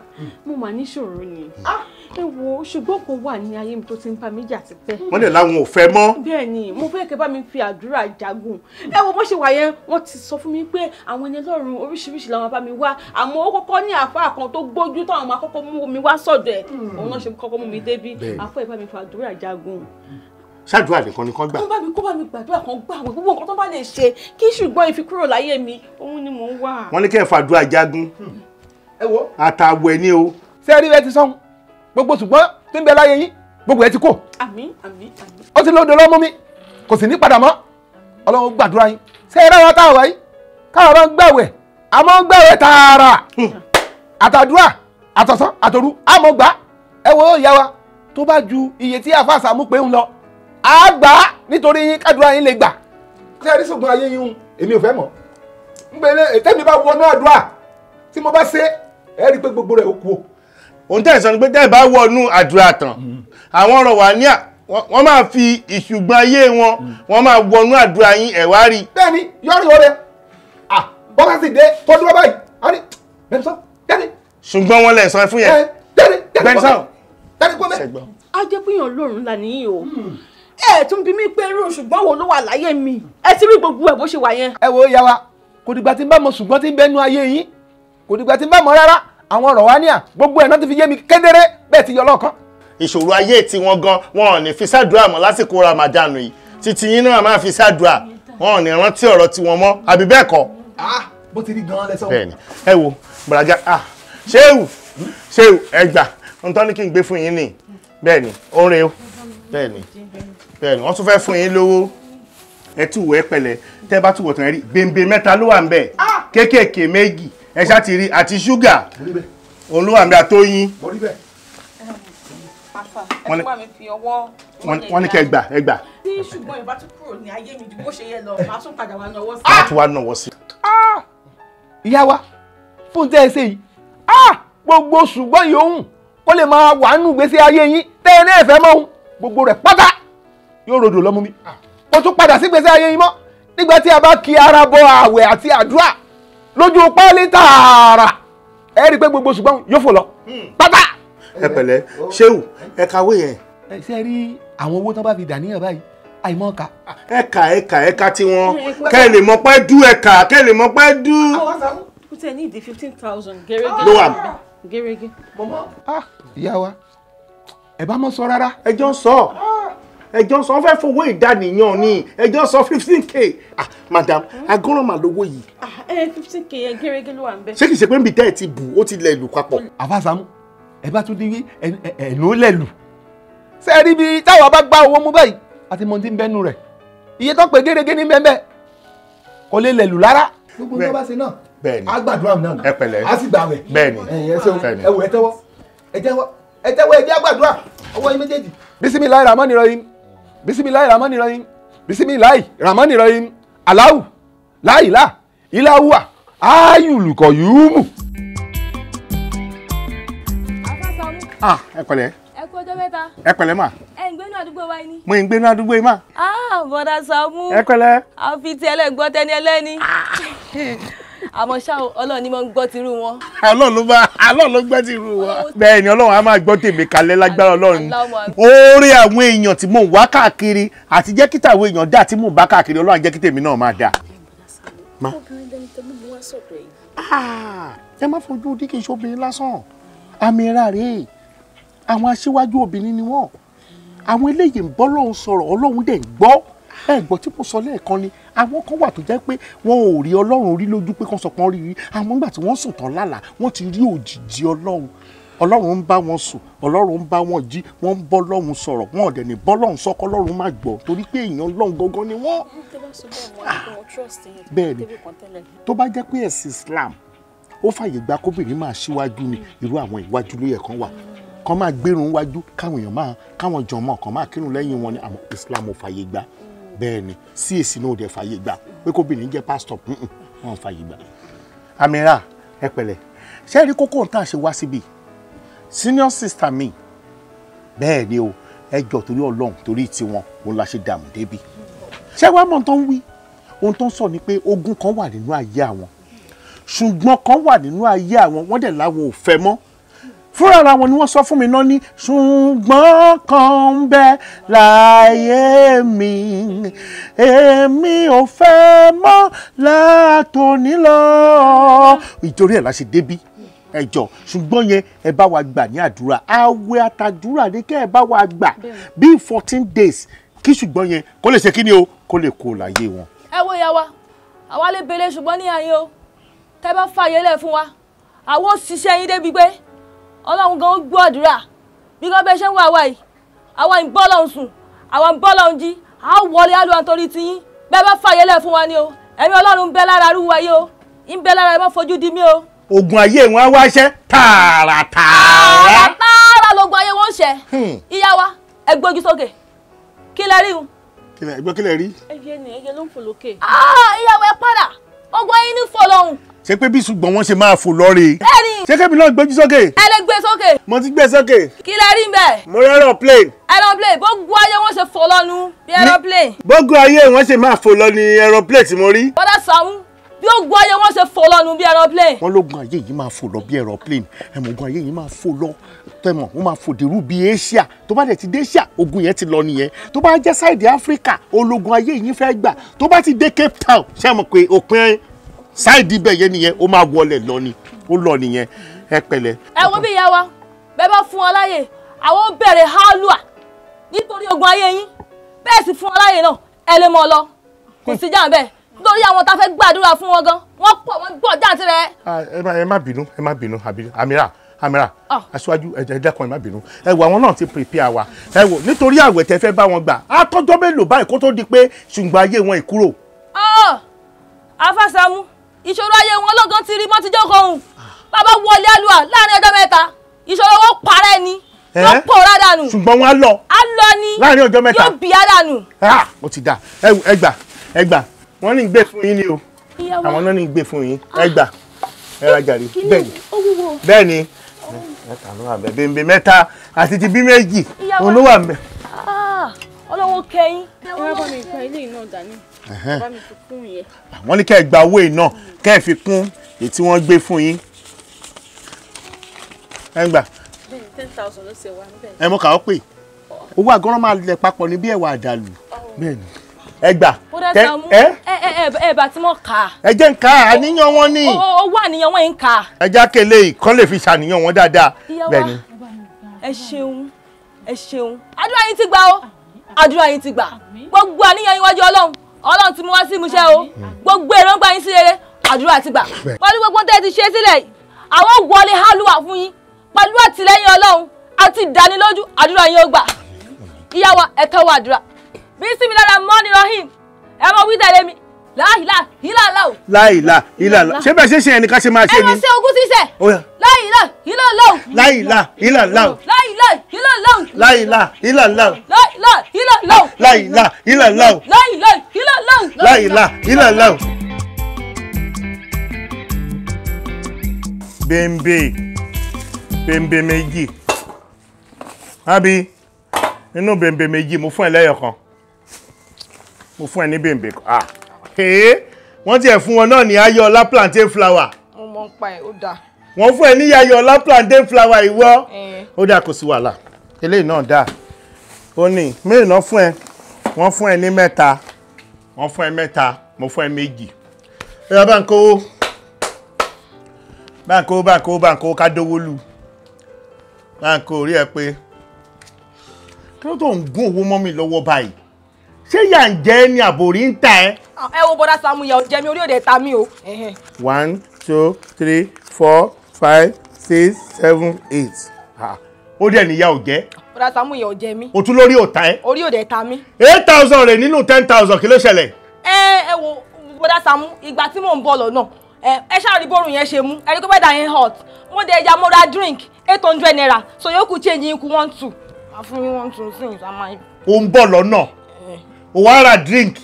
mo mà níṣòro ni. ah ẹ wo ṣùgbọ́n kan wà ní ayé mi tó ti ń bá mi jà tipẹ́. wọ́n lè láwọn ò fẹ́ mọ́. bẹ́ẹ̀ni mo fẹ́ kẹ́ bá mi fi àdúrà jagun ẹ wo bó ṣe wà yẹn wọ́n ti sọ fún mi pé àwọn ẹni ọlọ́run oríṣiríṣi làwọn bá mi wá àmọ́ ó kọ́kọ́ ní àfa kan tó gbójú táwọn máa kọ́kọ́ mú mi wá sọ́dọ̀ ẹ̀ hmm. òun náà ṣe kọ́kọ́ mú mi débi àfọ ìbá mi fi àdúrà jagun ṣáàdúrà nìkan ni kán gbà. kó bá mi kó bá mi gbàdúrà kan gbà wọ gbogbo nǹkan tó bá lè ṣe kí ṣùgbọ́n ìfikúrò láyé mi òun ni mò ń wà. wọ́n ní kẹ́ ẹ̀ fàdúrà jagun. Hmm. ẹ àtàwẹ̀ ni o. ṣé bẹ́ẹ̀ ti sọ́hun gbogbo ṣùgbọ́n tí ń bẹ láyé yín gbogbo ẹ ti kó. àmín àmín àmín. ó ti lóde lọ́mú mi kò sì ní padà mọ́ ọlọ́run gbàdúrà yín ṣé ẹ rárá táwọn yìí káwọn bá ń gbàwẹ̀ àmọ́ ń gbàwẹ̀ tààrà àtàdúrà àtọ̀sán àtòru àmọ́ gbà ẹ wo ìyá wa tó bá ju iye tí àfa àṣà mú pé ń lọ á gbà á nítorí yín kádùrà yín lè gbà. ṣé ẹ rí ṣùgbọ́n ayé yín èmi ò fẹ́ mọ̀ ń gbélé ètè mi bá wọnú àdúrà tí mo bá ṣe é rí i pé gbogbo rẹ̀ ó kú o òun tẹ̀sán ni pé tẹ́ bá wọnú àdúrà tán mm. àwọn ọ̀rọ̀ wà ní à wọ́n máa fi ìṣùgbọ́n ayé wọn mm. wọ́n máa wọnú àdúrà yín ẹ̀wá rí. bẹ́ẹ̀ni yọrí wọlé à bọ́lá sì dé tó dúró báyìí wọ́n ní bẹ́ẹ̀nsán jáde. ṣùgbọ́n wọn lè sọ fún yẹn. jáde jáde bẹ́ẹ̀nsán. jáde kó bẹ́ẹ̀. a jẹ́ pé èèyàn lòrùn là ní yìí o hmm. ẹ tún bí mi pé irú ṣùgbọ́n wo ló wà láyé mi ẹ ti rí gbogbo ẹ̀ bó ṣe wà yẹn. ẹ wo yàrá kò dìgbà tí ń bá mọ ṣùgbọ́n tí ń bẹnu ayé yín kò dìgbà tí ń bá mọ rárá àwọn ọ̀rọ̀ wa ní à gbogbo ẹ̀ náà ti fi yé mi kedere bẹ́ẹ̀ ti yọ lọ́ọ̀kan. ìṣòro ayé tí wọ́n gan wọn ò ní fi ṣàdúrà mọ́ lásìkò ramadan yìí títí yín náà máa fi ṣàdúrà wọn ò ní rántí ọ̀rọ̀ tí wọ́n mọ́ àbí bẹ́ẹ̀ kọ́. Ah, bó ti rí gan-an lẹ́sọ̀. bẹ́ẹ̀ni ẹ wo bùrọ̀dá ah, ṣéwù ṣéwù ẹgbà ohun tó ní kí n gbé fún yín nì bẹ́ẹ̀ni orin o bẹ́ẹ̀ni bẹ́ẹ̀ni wọ́n tún fẹ́ fún yín lówó ẹ tún wọ ẹ pẹ̀lẹ́ tẹ́ bá tún wọ̀ tán ẹ rí gbèǹgbè mẹ́ta ló wà ń bẹ̀ ah! kéékèèké méjì ẹ ṣáà ti rí àti ṣúgà olúwàmí àtóyín. wọ́n ní kẹ́ gbà ẹ gbà. ní ṣùgbọ́n ìbá tún kúrò ní ayé mi ju bó ṣe yẹ lọ màá tún padà wá nọwọ́ sí. a tún wá nọwọ́ sí. Ah! ìyá wa fún tẹ́ ẹ ṣe yìí ah! gbogbo ṣùgbọ́n yòówù kó lè máa wà nù gbèsè ayé yín tẹ́ ẹ náà fẹ́ mọ́ òun gbogbo rẹ̀ pátá yóò rodò lọ́mú mi ah. kó tún padà sí gbèsè ayé yín mọ́ nígbà tí a bá kí ara bọ ààwẹ̀ àti àdúrà lójú pálí tààrà ẹ rí i pé gbogbo ṣùgbọ́n yóò fò lọ hmm. pátá. ẹ pẹ̀lẹ́ ṣéwù ẹ kàwé yẹn. ẹ ṣe rí àwọn owó tán bá fi dàníyàn báyìí àìmọ̀ kà. ẹ̀ka ẹ̀ka ẹ̀ka tiwọn kẹ́ ẹ lè mọ pẹ́ dú ẹ̀ka kẹ́ ẹ lè mọ pẹ́ dú. Ah, kò ní ìdí fifteen thousand gẹ́rẹ́gẹ́. ló wà mí. gẹ́rẹ́gẹ́. Ah, ìyá wa ẹ bá mọ sọ rárá. ẹ jọ ń sọ. Ah ẹjọ́ sọ fẹ́ fowó ìdánìyàn ni ẹjọ́ sọ fifteen k ah madam hmm? agọ́rọ̀ mà lówó yìí. ẹ ah, eh, fifteen k ẹ gẹ́rẹ́gẹ́ ló wà ń bẹ̀. ṣé kìí ṣe pé nbí tẹ́ ẹ ti bù ó ti lẹ̀ lù papọ̀. Hmm. àfàsàmù ẹ bá tún dé wí ẹ ló lẹ̀ lù. ṣé ẹ rí bí táwa bá gbá owó mú báyìí àti mo ń bẹ́nu rẹ̀ iye tó pé gẹ́gẹ́ ní bẹ́ẹ̀ kò lè lẹ̀ lù rárá. gbogbo tó bá ṣe náà a gbàdúrà náà ẹ pẹ̀lẹ́ a sì gbàwẹ̀ bẹ́ẹ̀ni ẹ wò ẹ tẹ́wọ́ ẹ tẹ́wọ́ ẹ jẹ́ àgbàdúrà ọwọ́ méjèèjì. bísí mi láì rà mọ́ni rọ yín bisimilayi ramani rahim bisimilayi ramani rahim alahu láìlá ìlàwà ayùlùkọ̀ yùúmù. afásámú. ah ẹ pẹ̀lẹ́. ẹ kú ọjọ́ mẹ́ta. ẹ pẹ̀lẹ́ mà. ẹ ń gbé ní àdúgbò wa ni. mo ń gbé ní àdúgbò yìí mà. ah bọ̀dà Sàámú. ẹ pẹ̀lẹ́. àfi tiẹ̀ lẹ́gbọ́n tẹni ẹlẹ́ni. Ah àmọ́ ṣá o ọlọ́run ni mo ń gbọ́ tirú wọn. ọlọ́run ló bá ọlọ́run ló gbọ́ tirú wọn. bẹ́ẹ̀ ni ọlọ́run á máa gbọ́ tèmi kalẹ̀ lágbára ọlọ́run. oore àwọn èèyàn tí mò ń wá káàkiri àti jẹ́ kí tàwọn èèyàn dà tí mò ń bá káàkiri ọlọ́run jẹ́ kí tèmi náà máa dà. Ah, ẹ má fojú dí kì í ṣobìnrin lásán àmì ẹ̀rà rèé àwọn aṣíwájú obìnrin ni wọ́n àwọn eléyìí ń bọ́ lọ́hùn sọ̀rọ̀ ọlọ́hùn dẹ̀ ń gbọ́ ẹ gbọ́ tí mo sọ lẹ́ẹ̀kan ni àwọn kan wà tó jẹ́ pé wọn ò rí ọlọ́run rí lójú pé kan sọ rí rí àwọn nígbà tí wọ́n sùn tán lálàá wọ́n ti rí òjìji ọlọ́run ọlọ́run ń bá wọn sùn ọlọ́run ń bá wọn jí wọ́n ń bọ́ lọ́run sọ̀rọ̀ wọn ò dẹ̀ bọ́ lọ́run sọ́kọ́ lọ́run má gbọ́ torí pé èèyàn lọ́run gangan ni wọ́n. bẹ́ẹ̀ tó bá jẹ́ pé ẹ̀sìn Islam ó fàyè gba kóbìnrin máa ṣíwájú ni irú àwọn ìwájú ló yẹ kán wà kán máa gbérun wájú káwọn èèyàn máa káwọn jọmọ kán máa kírun lẹ́yìn wọn ni àmọ́ Islam ò fàyè gba bẹ́ẹ̀ ni CAC náà ò dẹ̀ fàyè gbà pé kóbìnrin jẹ́ pásítọ̀ wọn ò fàyè gbà. Amira ẹ pẹ̀lẹ́ ṣé rí kókó ń tà ṣe wá síbi senior sister mi bẹ́ẹ̀ ni o ẹ jọ torí Ọlọ́run torí tiwọn òun la ṣe dààmú débi ṣé wàá mọ̀ tó ń wí ohun tó ń sọ ni pé ogun kan wà nínú ayé àwọn ṣùgbọ́n kan wà nínú ayé àwọn wọ́n dẹ̀ láwọn ò fẹ́ mọ́ fúnra ara wọn ni wọ́n sọ fún mi náà ní ṣùgbọ́n kan ń bẹ láyé mi èmi ò fẹ́ mọ́ látòní lọ. ìtorí ẹ̀ la ṣe débí ẹjọ ṣùgbọ́n yẹn ẹ bá wa gbà ní àdúrà àwẹ̀ àtàdúrà ni kẹ́ ẹ bá wa gbà bíi fourteen days kí ṣùgbọ́n yẹn kó lè ṣe kí ni o kó lè kó láyé wọn. ẹ wo ìyá wa àwa lè bèrè ṣùgbọ́n ní ayé o tẹ́ bá fàyè lẹ̀ fún wa àwọn òṣìṣẹ́ yín débi pé ọlọ́run gan gbọ́ àdúrà bí kò bẹ́ẹ̀ ṣe ń wá àwa yìí àwa ń bọ́ lọ́hùn sùn àwa ń bọ́ lọ́hùn jí a wọlé àlùwà nítorí tiyín bẹ́ẹ̀ bá fàyè lẹ̀ fún wa ni o ẹ̀mí ọlọ́run ń bẹ lára arúgbó ayé o ń bẹ lára ẹ̀ mọ́ fojú di mí o. oògùn ayé wọn á wáṣẹ́ tààrà tààrà. tààrà lóògùn ayé wọn ń hmm. ìyá wa ẹ gbójú sókè kí lẹ rí un. kí lẹ gbọ́ kí lẹ rí. ẹyẹ ni ẹyẹ ló ń fò lókè. Ah, ìyàwó ẹ padà ogbó yín ní fọlọ́hún. ṣé pé bí ṣùgbọ́n wọ́n ṣe máa fò lọ́ọ̀rẹ́. bẹ́ẹ̀ni. ṣé kébì náà gbójú sókè. ẹ lè gbé sókè. mo ti gbé sókè. kí lẹ rí bẹ́ẹ̀. mo rí aeroplane. aeroplane gbogbo ayé wọ́n ṣe fò lọ́nu bí aeroplane. gbogbo ayé wọ́n ṣe máa fò lọ ni aeroplane tí mo rí. Bada sàmú bí ogun ayé wọn ṣe fò lọ nu bí aeroplane. wọ́n lógun ayé yìí ma fò lọ bí aeroplane ẹ̀mọ̀gun ayé yìí ma fò lọ tẹmọ wọn máa fòdìrú bíi Asia tó bá dẹ̀ ti dé Asia ogun yẹn ti lọ nìyẹn tó bá jẹ́ sáìdì Africa ológun ayé yìí fẹ́ gbà tó bá ti dé Cape Town ṣé mo pé òpin sáìdì ibẹ̀ yẹn nìyẹn ó máa wọlé lọ ni ó lọ nìyẹn ẹ pẹ̀lẹ́. ẹ wo bí ìyá wa bẹ́ẹ̀ bá fún ọ láyè àwọn bẹ̀rẹ̀ hálùwà nítorí ogun ayé yín bẹ́ẹ̀ sì fún ọ láyè náà ẹ lè mọ lọ kò sí jà lórí àwọn tá a fẹ́ gbàdúrà fún wọn gan wọ́n pọ̀ wọ́n gbọ́ jáde rẹ. Ah, ẹ má bínú ẹ má bínú Amira amira ah. aṣáájú ẹ̀jẹ̀ ẹ̀dẹ́kun ẹ̀ má bínú ẹ wò àwọn náà ti prepare wa ẹ wò nítorí àwẹ̀ tẹ́ fẹ́ bá wọn gbà á tọ́jọ́ mélòó báyìí kó tó di pé ṣùgbọ́n ayé wọn ìkúrò. ọ ah, afásámú ìṣòro ayé wọn lọ́gán ti rí mọ́tíjọ́ kan bàbá wọlé àlùwà láàrin ọjọ́ mẹ́ta ìṣòro wọn parẹ́ ni wọ́n pọ̀ rádànù. wọn á lọ. á lọ ni láàrin ọjọ́ mẹ́ta yóò bí rádànù. Ah, ó ti da ẹ gbà ẹ gbà wọ́n ní gbé fún yín ni o àwọn náà ní gbé fún yín ẹ gbà ẹ ra gàrí bẹ́ẹ̀ ni bẹ́ẹ̀ ni mẹ́ta ló wà ń bẹ bèbè àti ti bí méjì òun ló wà ń ah, ọlọ́wọ́ kẹyìn. ẹ̀rọ bá mi pa ilé iná dání bá mi fi kún yẹn. wọ́n ní kẹ́ ẹ gba owó iná kẹ́ ẹ fi kún èyí tí wọ́n gbé fún yín. ẹ gbà. ten thousand ló ṣe wà níbẹ̀. ẹ mọ kàá pè owó àgọ́rọ́ máa lẹ̀ papọ̀ ní bí ẹ̀wà àdàlù bẹ́ẹ̀ ni ẹ gbà. bódà sàmú ẹ ẹ ẹ bá tí mo kà. ẹ jẹ́ ń ka àníyàn wọn ni. ó wà àníyàn wọn ń ka. ẹ já kele ìkọ́ lè fi ṣàníyàn wọn dáadáa. bẹ́ẹ̀ni. ẹ ṣeun ẹ ṣeun àdúrà yín ti gbà o àdúrà yín ti gbà gbogbo àníyàn yín wájú ọlọ́run ọlọ́run ti mú wá sí ìmúṣẹ o gbogbo èròǹgbà yín sí rere àdúrà ti gbà pẹ̀lú gbogbo tẹ́ ẹ ti ṣe sílẹ̀ àwọn wọlé hálùwà fún yín pẹ̀lú àtìlẹ́yìn ọlọ́run àti ìdánilójú àdúrà yín ó gbà ìyá wa ẹ tẹ́wọ́ bisimilayi mọ́ni rahim ẹ mọ wí tẹ̀lé láìlá ìlàlá o. láìlá ìlàlá ṣé bẹ́ẹ̀ ṣe ṣe ẹnì kan ṣe máa ṣe ni. ẹ lọ sí ogún ṣíṣẹ. láìlá ìlàlá o. láìlá ìlàlá o. láìlá ìlàlá o. láìlá ìlàlá o. láìlá ìlàlá o. láìlá ìlàlá méjì àbí inú bèǹbè méjì mo fún ẹ lẹ́yọ̀ kan mo fún ẹ ní bèbè ah eh, wọ́n tiẹ̀ fún wọn náà ní ayọ̀ọ́lá plantain flower. mo mọ̀ ń pa ẹ̀ ó dáa. wọ́n fún ẹ ní ayọ̀ọ́lá plantain flower ìwọ eh. ó dáa kò sí wàhálà eléyìí náà dáa ó ní mẹ́rin náà fún ẹ wọ́n fún ẹ ní mẹ́ta wọ́n fún ẹ mẹ́ta mo fún ẹ méjì ẹ̀rọ bá ń kówó bá ká dówó lù bá ń ẹ pé kí ló tó ń gún owó mọ́ mi lọ́wọ́ báyìí ṣé yà ń jẹ ẹ́ àbòrí ń tà ẹ́. ẹ wo bọ́dá Sàámú ìyà jẹ mi orí òde ta mi o. one two three four five six seven eight ó dẹ̀ níyà ò jẹ́. bọ́dá Sàámú ìyà ò jẹ mi. o tún lórí òta ẹ. orí òde ta mi. eight thousand rẹ̀ nínú ten thousand kí ló ṣẹlẹ̀. ẹ ẹ wo bọ́dá Sàámú ìgbà tí mò ń bọ̀ lọ́nà ẹ ṣáà rí bọ́ọ̀rù yẹn ṣe mú ẹ rí pé bẹ́ẹ̀ yẹn hot mo dẹ̀ ẹja mo ra drink eight hundred naira so yóò kú change yín kú one two. àfún mi one two sí ìsàmáyé. ó ń bọ̀ lọ́nà o wá drink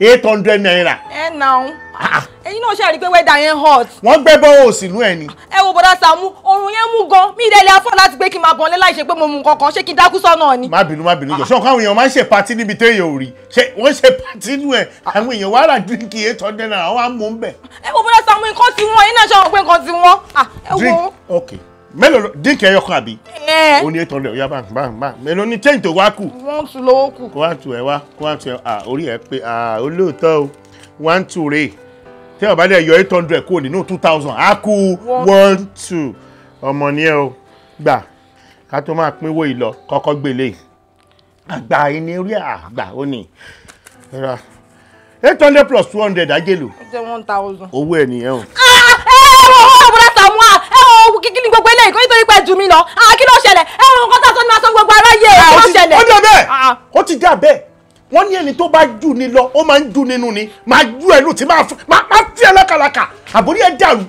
eight hundred naira. ẹ nà ó ah, ah. ẹyin náà ṣe rí pé wẹ́dà yẹn hot. wọ́n gbẹ́ bọ́ òsì nú ẹ ni. ẹ wo bọ́dá Sàámú oorun yẹn mú gan mi ìdẹ́lẹ̀ afọ́ láti pé kí n máa bọ̀ ọ́n lé láì ṣe pé mo mú kankan ṣé kí n dákú sọ́nà ni. má bínú má bínú jọ sọ́kàn àwọn èèyàn máa ń ṣe patí níbi tó èèyàn ò rí wọ́n ṣe patí nú ẹ̀ àwọn èèyàn wàá rà dírínkì eight hundred naira wọ́n á mú un bẹ̀. ẹ wo bọ́dá Sàámú nǹkan ti wọ́n ẹyin náà ṣe mélòó dínkì ẹyọ kan àbí. ẹ o ní eight hundred ọ̀yá bá ń bá ń bá ń mélòó ní change tó wá kù. one two lówó kù. one two ẹ wá one two ẹ à orí ẹ pé à olóòótọ́ o one two rè tí ọba dẹ yọ eight hundred kúrò nínú two thousand á kú one two ọmọ ni ẹ o gbà ká tó máa pínwó ìlọ kọ́kọ́ gbélé àgbà ẹni orí àgbà ó ní eight hundred plus two hundred àjẹlò. ó jẹ́ one thousand. owó ẹ̀ nìyẹn o gbogbo eléyìí nítorí pé jù mí lọ àwọn ah, kí ló ṣẹlẹ̀ ẹ wọn kọ́tà tó ní máa sọ gbogbo aráyé kí ló ah, ṣẹlẹ̀. ó dà bẹ́ẹ̀ ah, ó ti dà bẹ́ẹ̀ wọ́n ní ẹni tó bá jù ní lọ ó máa ń jù nínú ni máa jù ẹ tí máa fún máa tí ẹ dàrú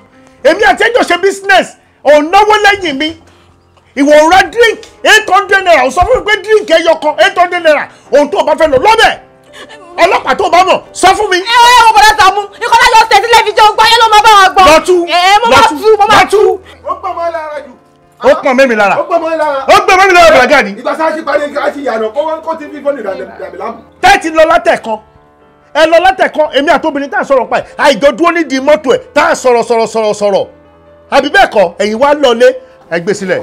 èmi àti ẹjọ́ ṣe business ò náwó lẹ́yìn mi ìwọ ò drink eight hundred naira ò sọ fún mi pé drink ẹyọ kan eight hundred naira ohun tó o bá fẹ́ lọ lọ́bẹ̀ ọlọ́pàá tó bá mọ̀ sọ fún mi. ẹ ẹ mo bọ̀dọ̀ Sàámú ikọ̀ láyọ̀ ṣe sílẹ̀ fi jẹun gbọ́ yẹn ló máa bá wa gbọ́. lọ́tú lọ́tú lọ́tú. ó pọ̀ mọ́ lára jù. ó pọ̀ mẹ́mi lára. ó pọ̀ mọ́ lára. ó pọ̀ mẹ́mi lára bàgà ni. ìgbà sáà ti parí ká ti yànà kó wọn kó ti fi fóònù dàbí láàmú. tẹ́ẹ̀tì lọ látẹ̀kan ẹ lọ látẹ̀kan èmi àtòbìnrin tá à ń sọ̀rọ̀ pa ẹ̀ àìjọ dúró nídìí mọ́tò ẹ̀ tá à ń sọ̀rọ̀ sọ̀rọ̀ sọ̀rọ̀ sọ̀rọ̀ àbí bẹ́ẹ̀ kọ́ ẹ̀yin wá lọlé ẹ gbé sílẹ̀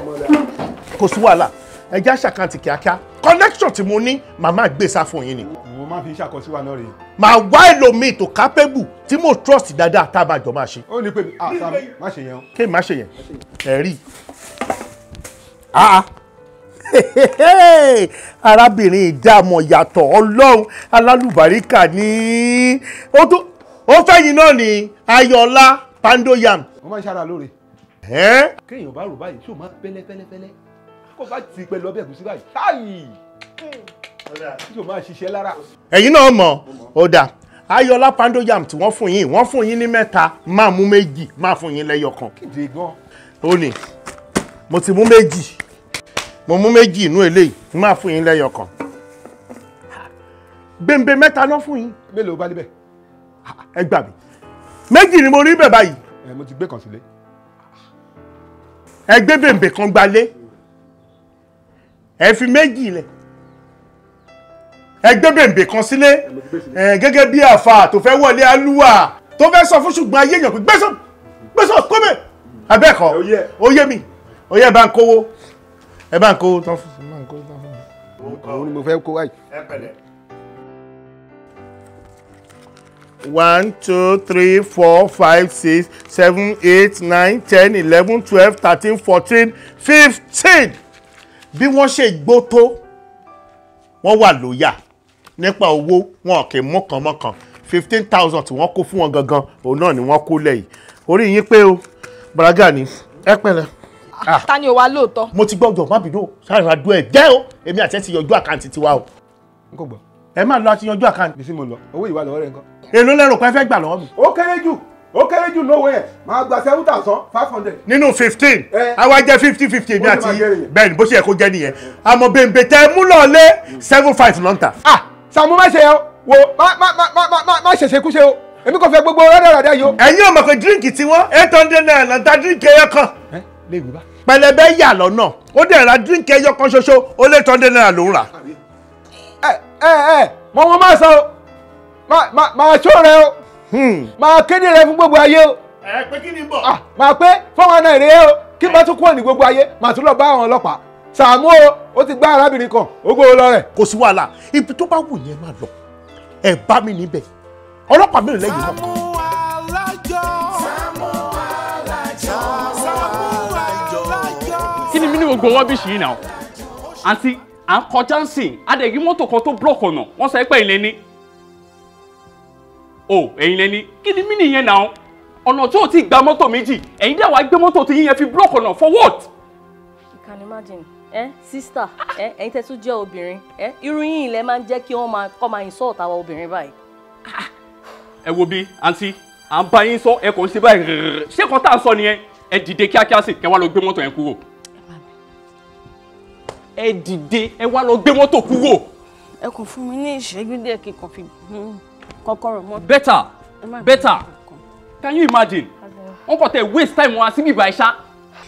kò sí wàhálà ẹ já kíákíá connection tí mo ní màmá gbèsà fún yín ni. Ma fi ṣàkọsí wa náà rèé. màá wá ẹlòmíì tó capable tí mo trust dáadáa tá a bá jọ máa ṣe. ó ní pé ah sam má ṣe yẹn o. kí n má ṣe yẹn ẹ rí ah, ah. arábìnrin ìdààmú yàtọ̀ ọlọ́run alálùbáríkà ní ó tó ó fẹ́yìn náà ní ayọ̀ọ́lá pandoyam. wọ́n máa ń ṣara lóore. kéèyàn bá rò báyìí tí ò máa pẹ́lẹ́ pẹ́lẹ́ pẹ́lẹ́ kó bá ti pẹ̀lú ọbẹ̀ ẹ̀gúsí báyìí yóò máa ṣiṣẹ́ lára. ẹ̀yin náà mọ̀ ó dáa ayọ̀lá pandojam tí wọ́n fún yín wọ́n fún yín ní mẹ́ta máa mú méjì máa fún yín lẹ́yọ ó ní mo ti mú méjì mo mú méjì inú eléyìí máa fún yín lẹ́yọ kan. gbèǹbè mẹ́ta náà fún yín. mélòó bá níbẹ̀. ẹ gbà mí méjì ni mo rí bẹ̀ báyìí. ẹ mo ti gbé kan sílé. ẹ gbé gbèǹbè kan gbalé ẹ fi méjì lẹ̀ ẹgbẹ́ bèbè kan sílé gẹ́gẹ́ bí àfà tó fẹ́ wọlé alúwà tó fẹ́ sọ fún ṣùgbọ́n ayé èèyàn pé gbèsò gbèsò kọ́mẹ̀ abẹ́ẹ̀kọ́ ó mi ó yẹ bá ń kówó ẹ bá ń kówó tán fún mi. òun ni mo fẹ́ kó wáyé. one two three four five six seven eight nine ten eleven twelve thirteen fourteen fifteen bí wọ́n ṣe gbó tó wọ́n wà lóyà nípa owó wọn kì í mọ́kànmọ́kàn fifteen thousand tí wọ́n kó fún wọn gangan òun náà ni wọ́n kó lẹ́yìn orí yín pé o bàrágà ni ẹ pẹ̀lẹ́. Ah, ta ni o wa lóòótọ́. mo ti gbọ́dọ̀ má bìdó sáré ra dúró ẹ̀ jẹ́ o èmi àti ẹ ti yanjú àkáǹtì tiwa o. n kò gbọ́. ẹ máa lọ àti yanjú àkáǹtì. bí mo lọ owó ìwà lọ́wọ́ rẹ nǹkan. èló lẹ́rù pé ẹ fẹ́ gbà lọ́wọ́ mi. ó kéré jù ó kéré jù lówó ẹ máa gba seven thousand five hundred. nínú fifteen àwa jẹ fifty fifty èmi àti bẹ́ẹ̀ ni bó ṣe yẹ kó jẹ nìyẹn àmọ́ bèbè tẹ múlọ̀ọ́lé seven five lọ́ntà. ah Sàámú má ṣe wo má má má má má má ṣẹ̀ṣẹ̀ kú ṣe o èmi kò fẹ́ gbogbo rẹ́dẹ̀ rẹ́dẹ̀ yìí o. ẹ̀yin ò mọ̀ pé díríǹkì tiwọn eight hundred naira ta díríǹkì ẹyọ kan. pẹlẹbẹ yà lọ́nà ó dẹ̀ ra díríǹkì ẹyọ kan ṣoṣo ó lé eight hundred naira ló ń rà. ẹ ẹ ẹ mọ wọn máa sọ o máa ṣó rẹ o hmm. máa kéde rẹ fún gbogbo ayé o. ẹ pé kí ni bọ̀. Ah, máa pé fọwọ́n náà rèé o kí n bá tún kúrò ní gbogbo ayé màá tún lọ bá àwọn ọlọ́pàá Sàámú o ó ti gbá arábìnrin kan ó gbówó lọ rẹ̀. kò sí wàhálà ibi tó bá wù yẹn máa lọ ẹ bá mi níbẹ̀ ọlọ́pàá mi ò lẹ́yìn náà. Sàámú alájọ. Sàámú alájọ. Sàámú alájọ. kí ni mímú gbogbo wọn bí ṣì ń nà ọ àǹtí à ń kọjá ń sìn adẹ̀gí mọ́tò kan tó búlọ̀kì ọ̀nà wọ́n sọ pé ìlẹ́ni o ẹ̀yin lẹ́ni kí ni mímú yẹn nà ọ ọ̀nà tí ò ti gba mọ́tò méjì ẹ̀yin dẹ̀ wá gbé mọ́tò tí yín yẹn fi búlọ̀kì ọ̀nà for what. You can imagine ẹ sísítà ẹ ẹ̀yin tẹ́ tún jẹ́ obìnrin ẹ eh, irú yín ilẹ̀ máa ń jẹ́ kí wọ́n máa kọ́ máa insult àwa obìnrin báyìí. ẹ wo bí àǹtí à ń bá yín sọ ẹ kò ń ṣe báyìí ṣé kan tá à ń sọ nìyẹn ẹ dìde kíákíá sí kẹ wá lọ gbé mọ́tò yẹn kúrò ẹ dìde ẹ wá lọ gbé mọ́tò kúrò. ẹ kò fún mi ní ìṣẹ́jú díẹ̀ kí n fi kọ́kọ́rọ́ mọ́tò. better better can you imagine wọn kò tẹ waste time wọn síbí ìbáyìí ṣá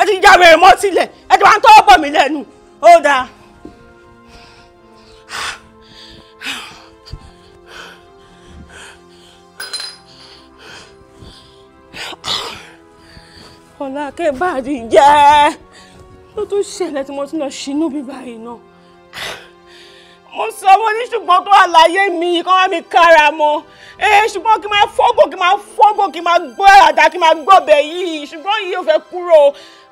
ẹ ti ya wèrè mọ́ sílẹ̀ ẹ ti máa ń tọ́wọ́ bọ̀ mí lẹ́nu ó dáa. ọ̀làkẹ́ bàdí jẹ́ ó tún ṣẹlẹ̀ tí mo tún lọ ṣínú bí báyìí náà mo sọ wọn ní ṣùgbọ́n tó àlàyé mi kọ́ wá mi kára mọ́ ee ṣùgbọ́n kí n máa fọ́gbọ̀n kí n máa fọ́gbọ̀n kí n máa gbọ́ àdá kí n máa gbọ́bẹ̀ yìí ṣùgbọ́n yìí ò fẹ́ kúrò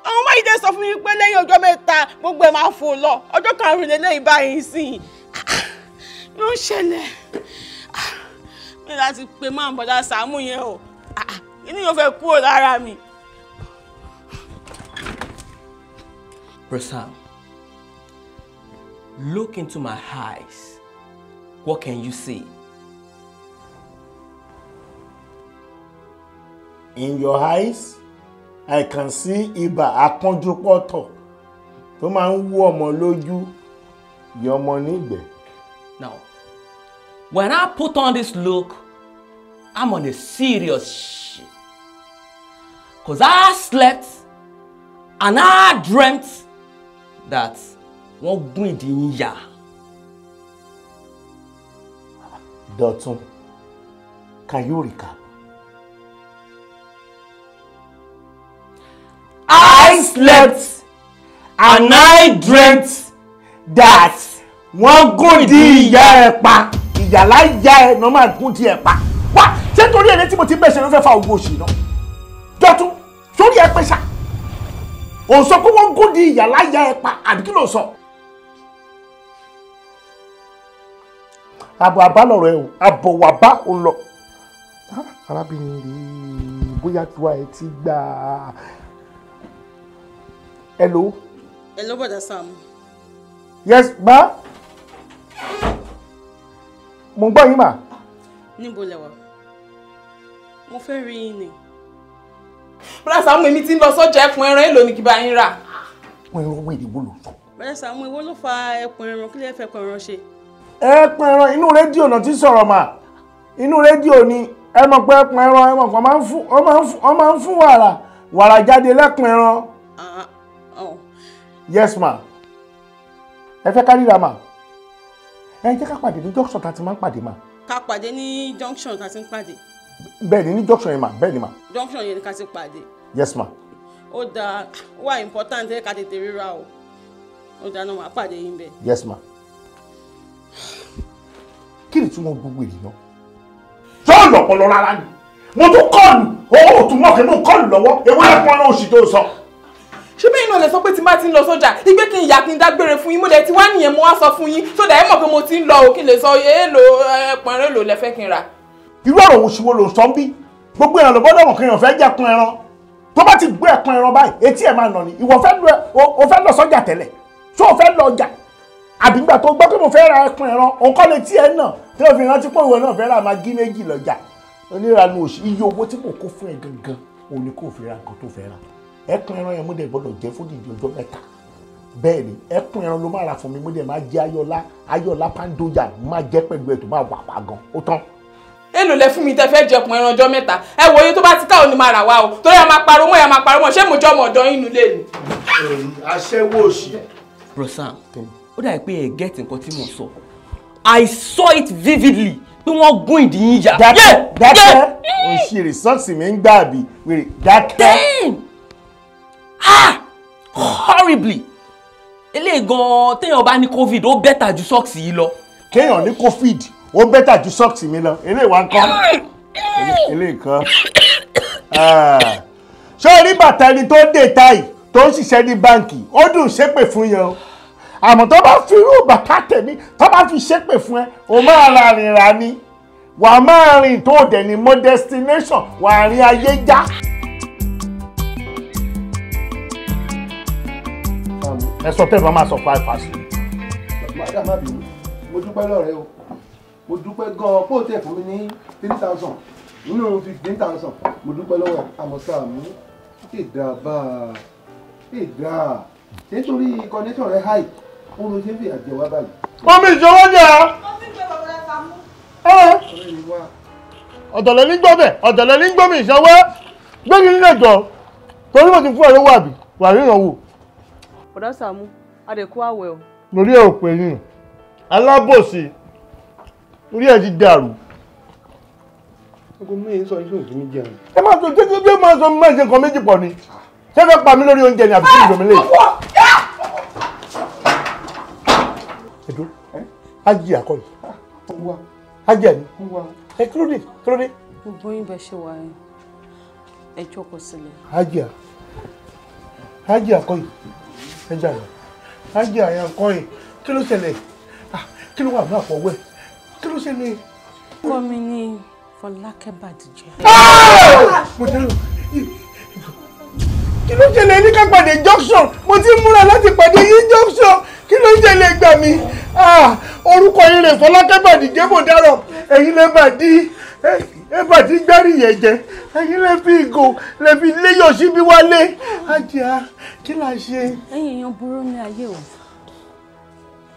àwọn máyì dé sọ fún mi pé lẹ́yìn ọjọ́ mẹ́ta gbogbo ẹ̀ máa fò lọ ọjọ́ karùn-ún lélẹ́yìn báyìí sí i ló ń ṣẹlẹ̀ mi láti pe máa ń bọ̀dá Sàámú yẹn o inú yóò fẹ́ kúrò lára mi. Rosam, look into my eyes. What can you see? In your eyes? àìkànsí ibà àkànjúpọ̀tọ̀ tó máa ń wú ọmọ lójú yọ ọmọ nígbẹ́. Now, when I put on this look, I'm on a serious shit. Cause I slept and I dreamt that wọ́n gún ìdí ń yà. Dọ̀tun, can you recap? I slept and I dreamt that wọ́n gún di ìyá ẹ̀ pa ìyàlá ìyá ẹ̀ náà máa gún di ẹ̀ pa wá ṣé torí ẹni tí mo ti bẹ̀ ṣe ló fẹ́ fa ògùn òṣì náà jọ́tún sórí ẹ pẹ́ ṣá òun sọ pé wọ́n gún di ìyàlá ìyá ẹ̀ pa àbí kí ló sọ. àbọ̀ àbá ẹ̀ o àbọ̀ wà bá o lọ. arábìnrin rèé bóyá tiwa ẹ ti gbà á hello. hello brother Sam. yes ma. mo ń gbọ́ yín mà. níbo lẹ wà mo fẹ́ rí yín ni. Brother Sam èmi ti ń lọ sọ́jà ẹkùn ẹran èèlò ni kí bá yín rà. ẹkùn ẹran owó ìdìbò lò sọ. bọ́dá Sam èwo ló fa ẹkùn ẹran kí lè fẹ́ ẹkùn ẹran ṣe. ẹkùn ẹran inú rédíò náà ti sọ̀rọ̀ mà inú rédíò ni ẹ mọ̀ pé ẹkùn ẹran ẹ mọ̀ kan ọ máa ń fún wàrà wàrà jáde lẹ́kùn ẹran. Ah, ah yes ma ẹ fẹ́ kárìíra ma ẹ jẹ́ ká pàdé ní junction tá a ti máa ń pàdé ma. ká pàdé ní junction tá a ti ń pàdé. bẹ́ẹ̀ ní junction yẹn ma bẹ́ẹ̀ ma. junction yẹn ni ká ti pàdé. yes ma. ó dáa ó wà important ẹ ká tètè ríra o ó dáa náà wàá pàdé yín bẹ́ẹ̀. yes ma. kí ni tí wọ́n gbogbo èyí náà yọ̀ọ́ lọ́pọ̀lọ́ rárá ni mo tún kọ́ọ̀lù ó tún mọ̀kẹ́ mú kọ́ọ̀lù lọ́wọ́ ewé ẹ̀pọ̀n náà oṣù tó sọ ṣé bẹ́ẹ̀ náà lè sọ pé tí n bá ti ń lọ sọ́jà igbe kí n yà kí n dágbére fún yín mo dẹ̀ ti wá nìyẹn mo wá sọ fún yín sódà ẹ mọ̀ pé mo ti ń lọ o kí n lè sọ èèlò ẹpọn èèlò lẹ fẹ́ kí n rà. irú ọ̀rọ̀ òṣìwò ló ń sọ ń bí gbogbo èèyàn ló gbọ́dọ̀ mọ̀ kí èèyàn fẹ́ jẹ́ ẹpọn ẹran tó bá ti gbé ẹpọn ẹran báyìí etí ẹ̀ máa nà ni ìwọ fẹ́ lọ sọ́jà tẹ́lẹ̀ tó o fẹ́ lọ ọjà àbí tó gbọ́ pé mo fẹ́ ra ẹpọn ẹran òun kọ́ lè tí ẹ náà tí o fi rántí pé ìwọ náà fẹ́ ra magí méjì lọ́jà onírànú òṣì iye owó tí mo kó fún ẹ gangan òun ni kò fi ra nǹkan tó fẹ́ ra ẹkùn ẹran yẹn mú dẹ̀ gbọ́dọ̀ jẹ́ fódìdí ọjọ́ mẹ́ta bẹ́ẹ̀ ni ẹkùn ẹran ló má ra fún mi mú dẹ̀ má jẹ́ ayọ̀lá ayọ̀lá pàǹdójà má jẹ́ pẹ̀lú ẹ̀ má wà wá gan ó tán èlò lẹ fún mi tẹ fẹ́ jẹkùn ẹran ọjọ́ mẹ́ta ẹ wo iye tó bá ti ká òní máa rà wá o torí a máa parọ́ mọ́ ẹ máa parọ́ mọ́ ṣé mo jọ ọmọ ọ̀dọ́ inú lé ni. aṣẹ́wó òṣì. Brosam ó dàbí pé ẹ get nǹkan tí mo sọ I saw it vividly pé wọ́n gún ìdí yín yà. dákẹ́ dákẹ́ òṣèré sọ́ọ̀sì mi ń gbà àbí wèrè dákẹ́. Ah! horribly eléyìí gan-an téèyàn bá ní covid ó bẹ́tà ju sọ́ọ̀sì yìí lọ. kéèyàn ní covid ó bẹ́tà ju sọ́ọ̀sì mi lọ eléyìí wá ń kọ́ eléyìí kọ́ ah. ṣé orí bàtà ẹni tó dé táì tó ń ṣiṣẹ́ ní báǹkì ó dùn ṣépè fún yẹn o àmọ́ tó bá fi irú bàtà tèmi tó bá fi ṣépè fún ẹ o máa ra rìnrìn ra ni wàá máa rìn tó dẹ̀ ní mo destination wàá rin ayé já. ẹ sọ tẹ́lẹ̀ bá máa sọ fún àìfàṣì. màdà má bínú mo dúpẹ́ lọ́rẹ́ o mo dúpẹ́ gan-an kó o tẹ̀ fún mi ní three thousand nínú fifteen thousand mo dúpẹ́ lọ́wọ́ àmọ́sá mi ìdàbà ìdà nítorí connection. rẹ̀ háì ó ló ṣe ń fi àjẹ wá báyìí. omi ìṣòwò jẹ́ a. omi ìṣòwò rẹ̀ ta mú. ọ̀dọ̀lẹ̀ ní gbọ́bẹ̀ ọ̀dọ̀lẹ̀ ní gbọ́mi ìṣòwò gbẹ́gi nílẹ̀ jọ torí mo ti fún ẹ̀ lówó àbí wà ríran wò bọ̀dá Sàámú adẹ̀kú àwẹ̀ o. lórí ẹ̀ ò pè yín alábòsí lórí ẹ̀ ti dàrú. ọkọ mi yìí sọ iṣẹ́ òkè mi jẹun. ẹ máa sọ jẹ́jẹ́ bí ẹ máa sọ máa ṣe nǹkan méjì pọ̀ ni ṣé fẹ́ pa mí lórí oúnjẹ ni àbí kí n jọ mí lè. ẹ̀dọ́ ah! ah! ájì àkọ́yì ah! ájì àní ẹ kí ló dé kí ló dé. gbogbo yín bẹ ṣe wà ẹ jókòó sílẹ̀. ájì à ẹ jà yẹn á jẹ àyàn kan yìí kí ló ṣẹlẹ̀ ah, kí ló wà ní àpọ̀wẹ́ kí ló ṣẹlẹ̀. ọkọ mi ni Fọlákẹ́ Bàdìjẹ́. Ah! mo kí ló ṣẹlẹ̀ ní ká pàdé junction mo ti múra láti pàdé yín junction kí ló ṣẹlẹ̀ gbà mí ah, orúkọ yín rè fọlákẹ́ bàdí jébò dárọ̀ ẹ̀yin lè bàdí ẹ bàdí gbárí yẹn jẹ ẹ̀yin lè fi ìgò lè fi léyọ̀ síbi wálé ajá kí la ṣe. ẹ̀yin èèyàn burú ní ayé o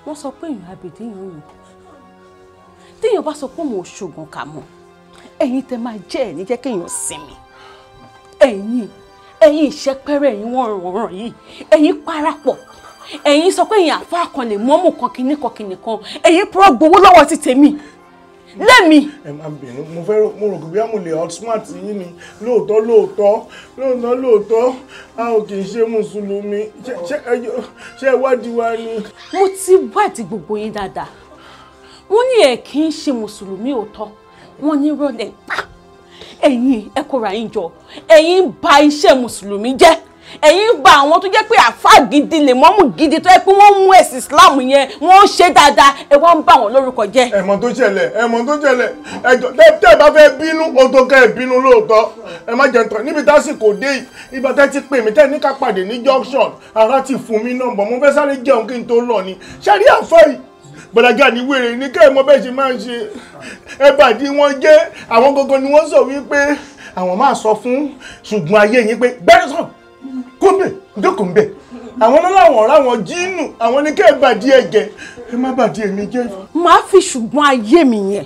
wọ́n sọ pé èèyàn àbèdè èèyàn yìí téèyàn bá sọ pé òun ò ṣoògùn kà mọ́ ẹ̀yin tẹ máa jẹ́ ẹ̀ níjẹ́ kéèyàn sinmi ẹ̀yin ẹ̀yin ìṣẹ́pẹ́rẹ́ ẹ̀yin wọ́n rọ̀ràn yìí ẹ̀yin parapọ̀ ẹ̀yin sọ pé ẹ̀yin àfáà kan lè mọ́mù kan kìíní kan kìíní kan ẹ̀yin púrọ̀ gbowó lọ́wọ́ ti tèmi lẹ́mi. ẹ má bínú mo fẹ́ mo rò bóyá mo lè yín ni lóòótọ́ lóòótọ́ lóòótọ́ lóòótọ́ a ò kì í ṣe mùsùlùmí ṣé wádìí wa ni. mo ti wádìí gbogbo yín dáadáa wọ́n ní ẹ̀ kì í ṣe mùsùlùmí òótọ́ wọ́n ní rọ́lẹ̀ pàápàá ẹ̀yin ẹ kóra yín jọ ẹ̀yin ń ba iṣẹ́ mùsùlùmí jẹ́ ẹ̀yin ń ba àwọn tó jẹ́ pé àfa gidi lè mọ́mù gidi tó yẹ pé wọ́n mú ẹ̀sìn Islam yẹn wọ́n ṣe dáadáa ẹ wá ń bà wọ́n lórúkọ jẹ́. ẹ̀mọ́ tó ṣẹlẹ̀ ẹ̀mọ́ tó ṣẹlẹ̀ ẹ̀jọ̀ tẹ́ ẹ bá fẹ́ bínú o tó kẹ́ ẹ bínú lóòótọ́ ẹ má jẹun tán níbi tásìkò dé ìgbà tẹ́ ti pè mí tẹ́ ní ká pàdé ní junction ara ti fún mi náà gbàdágà ní wèrè ní ká ẹ mọ bẹ́ẹ̀ ṣe máa ń ṣe ẹ bàdí wọn jẹ́ àwọn gangan ni wọ́n sọ wípé àwọn máa sọ fún ṣùgbọ́n ayé yín pé bẹ́ẹ̀ sọ kúndé jókòó ń bẹ̀ àwọn ọlọ́wọ̀n ráwọn jíínù àwọn ní ká ẹ bàdí ẹ jẹ ẹ má bàdí èmi jẹ. màá fi ṣùgbọ́n ayé mi yẹn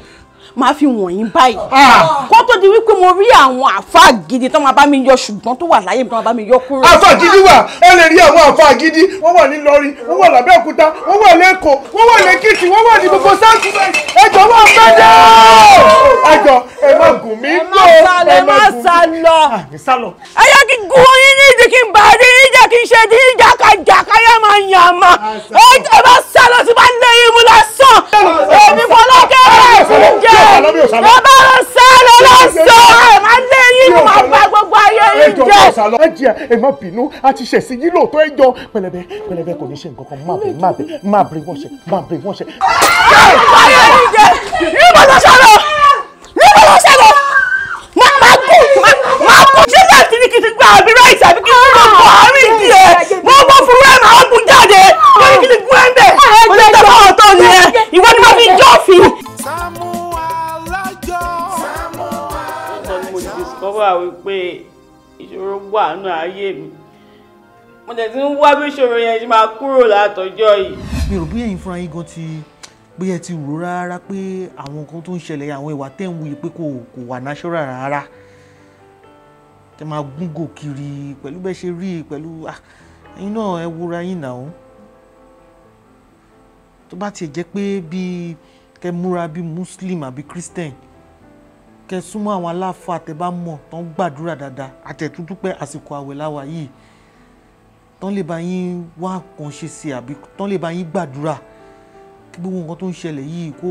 máa fi wọ̀nyí báyìí ah. Ah. kó tó di wípé mo rí àwọn àfa gidi tó máa bá mi yọ ṣùgbọ́n tó wà láyé mi tó máa bá mi yọ kúrò. àfa gidi wà ẹ lè rí àwọn àfa gidi wọ́n wà ní lọ́rí wọ́n wà lábẹ́òkúta wọ́n wà lẹ́kọ̀ọ́ wọ́n wà lẹ́kìtì wọ́n wà ní gbogbo sáàtì ẹjọ́ wà mẹ́jọ ẹjọ́ ẹ má gùn mí lọ ẹ má sálọ ah, ẹ yẹ kí gun yín ní ìdí kí n bá dín ìjà kí n ṣe dín ìjà kájà káyà máa yàn án má ẹ má s ló ti bá lé imú lásán èmi fọlọ́kẹ́ rẹ̀ jẹ́ bàbá ló sá lọ lọ́sàn ẹ̀ má lé yín àgbà gbogbo ayé yín ẹ jẹ ẹ má bínú a ti ṣẹ̀ sí yín lóòótọ́ ẹ jọ pẹlẹbẹ pẹlẹbẹ kò ní ṣe nǹkan kan má bẹ má bẹ má bẹ wọ́n ṣe má bẹ wọ́n ṣe. ayé yín jẹ ìbò ló ṣẹlẹ̀ ìbò ló má má kú má kú sílẹ̀ tí ni kì ti gba àbí ráìsì àbí kì í ti gbọ́ àárín ìdí ẹ̀ mo wọ́n fún rẹ́ẹ̀mù àwọn kù jáde mo ní kì ti gún ẹ̀ ń bẹ̀ mi ẹ ìwọ ni mo fi jọ́ fi. Sàámú Alájọ. Sàámú Alájọ. mo ti discover wípé ìṣòro wà nínú ayé mi mo tẹ̀ ti ń wá bí ìṣòro yẹn ṣe máa kúrò látọjọ́ yìí. mi ò bí ẹ̀yin fúnra yín gan ti pé ẹ ti rò rárá pé àwọn nǹkan tó ń ṣẹlẹ̀ àwọn ìwà tẹ̀ ń wuyì pé kò kò wà natural rárá tẹ máa gúngò kiri pẹ̀lú bẹ́ẹ̀ ṣe rí pẹ̀lú ah, ẹ̀yin náà ẹ wúra yín náà tó bá tiẹ̀ jẹ́ pé bíi kẹ́ múra bíi muslim àbí christian kẹ́ súnmọ́ àwọn aláàfáà tẹ́ bá mọ̀ tán gbàdúrà dáadáa àtẹ̀tútù pé àsìkò àwẹ̀ láwa yìí tán lè bá yín wá nǹkan ṣe sí àbí tán lè bá yín gbàdúrà kí gbogbo nǹkan tó ń ṣẹlẹ̀ yìí kó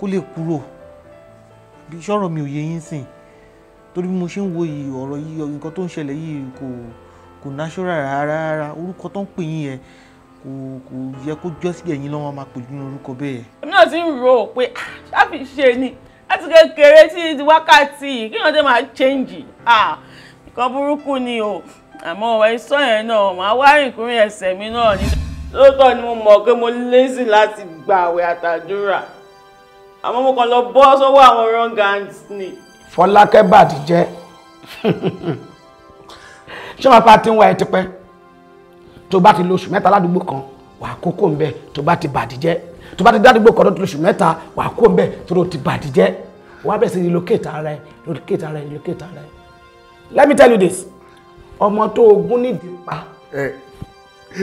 kó lè kúrò bí sọ̀rọ̀ mi ò yé yín sìn torí bí mo ṣe ń wo yìí ọ̀rọ̀ yìí nǹkan tó ń ṣẹlẹ̀ yìí kò kò náṣọ́ra rárá orúkọ tó pè yín yẹn kò kò yẹ kó jọ́ sí ẹ̀yìn lọ́wọ́ máa pè nínú orúkọ bẹ́ẹ̀. èmi náà ti ń rò ó pé ah, ṣáàfì ṣe ni láti kékeré tí di wákàtí kí wọ́n tẹ́ máa ṣéǹjì ah, nǹkan burúkú ni o àmọ́ ọ̀rọ̀ iṣọ́ yẹn náà màá wá ìkúrin ẹ̀sẹ̀ mi náà ni. lóòótọ́ ni mo mọ̀ pé mo lézì láti gba àwẹ̀ àtàdúrà àmọ́ mo kàn lọ bọ́ sọ́wọ́ àwọn wrong hands ni. fọlákẹ́ bàdí jẹ́ ṣé wọn pa ti ń wá ẹ tipẹ́ tó bá ti lóṣù mẹ́ta ládùúgbò kan wàá kókó ńbẹ tó bá ti bàdíjẹ́ tó bá ti dádùúgbò kan tó lóṣù mẹ́ta wàá kó ńbẹ tó ti bàdíjẹ́ wàá bẹ̀rẹ̀ sí relocate ara ẹ relocate ara ẹ relocate ara ẹ let me tell you this ọmọ tó ogún nídìí pa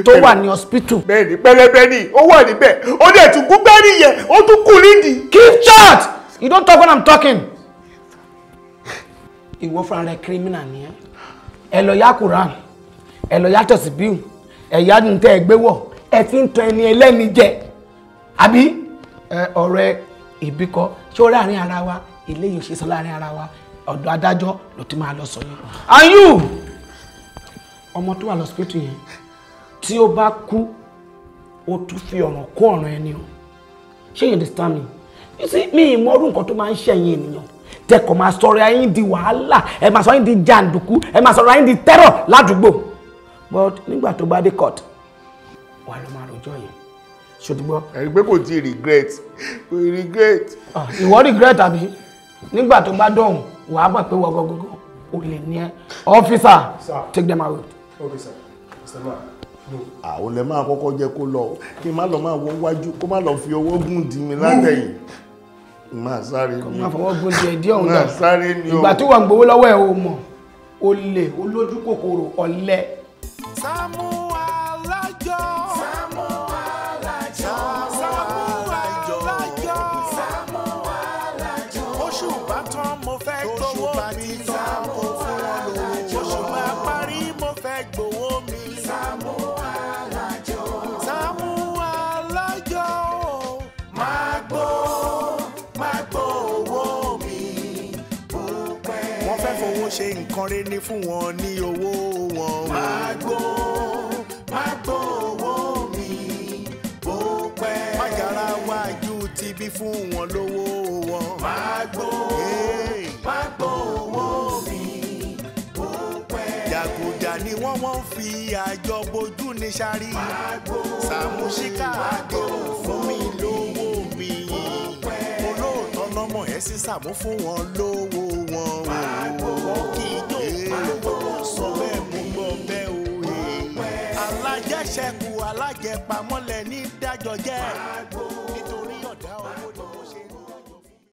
tó wà ní hospital. bẹ́ẹ̀ni pẹlẹbẹ ni ó wà níbẹ̀ ó dẹ̀ tún kú gbẹrí yẹn ó tún kú nídìí. keep short you don't talk when i'm talking. ìwọ fúnra rẹ kírímìnà nìyẹn ẹ lọ yá Quran ẹ lọ yá tẹsibíù ẹ̀yà ní tẹ́ ẹ gbé wọ̀ ẹ ti ń tan ẹni ẹlẹ́ni jẹ àbí ọ̀rọ̀ ẹ ìbí ṣé ó láàrin ara wa eléyìí ò ṣe sọ láàrin ara wa ọ̀dọ̀ adájọ́ ló ti máa lọ sọ yẹn. ayú ọmọ tó wà lọ́sípítù yẹn tí ó bá kú ó tún fi ọ̀ràn kó ọ̀ràn ẹni o ṣé you understand me you see mi ìmọ̀ọ́rù nǹkan tó máa ń ṣẹ̀yìn ènìyàn tẹkọ̀ máa sọ̀rọ̀ ayé di wàhálà ẹ máa sọ̀rọ̀ ayé di jàǹdùkú ẹ máa sọ̀rọ̀ ayé di tẹ́rọ̀ ládùúgbò but nígbà tó bá dé court wà ló máa rojọ́ yẹn ṣòdúgbọ́. ẹ̀rí pé kò tí regret kò ì regret. ìwọ regret àbí nígbà tó bá dọ̀hùn wàá mọ̀ pé wọ́gọ́gọ́gọ́ ò lè ní ẹ officer take them out. okay sir mr man àwọn olè máa kọ́kọ́ jẹ́ kó lọ kí n má lọ máa wọ wájú kó má lọ fi ọwọ́ gùn dì mí látẹ̀yìn máa sáré ni máa fọwọ́ gùn dì ẹ̀dí ọ̀hún náà ìgbà tí wọ́n gbowó lọ́wọ́ ẹ̀ o mọ̀ olè olójú kòkòrò ọ̀lẹ ọmọre ní fún wọn ní owó wọn. Magbo Magbo owó mi bó pẹ́. Májàra wájú ti bí fún wọn lówó wọn. Magbo Magbo owó mi bó pẹ́. Jàgùjà ni wọ́n wọ́n fi àjọ bojú ní sáré. Magbo Magbo owó mi bó pẹ́ ọmọ ẹ̀ sí sàmú fún wọn lówó wọn o. pàgbọ́ kí yóò pàgbọ́ sọ bẹ́ẹ̀ mú gbọ́ bẹ́ẹ̀ o. alájẹṣẹ́kù alájẹpamọ́lẹ̀ ní dájọ́ jẹ́ nítorí ọ̀dá owó.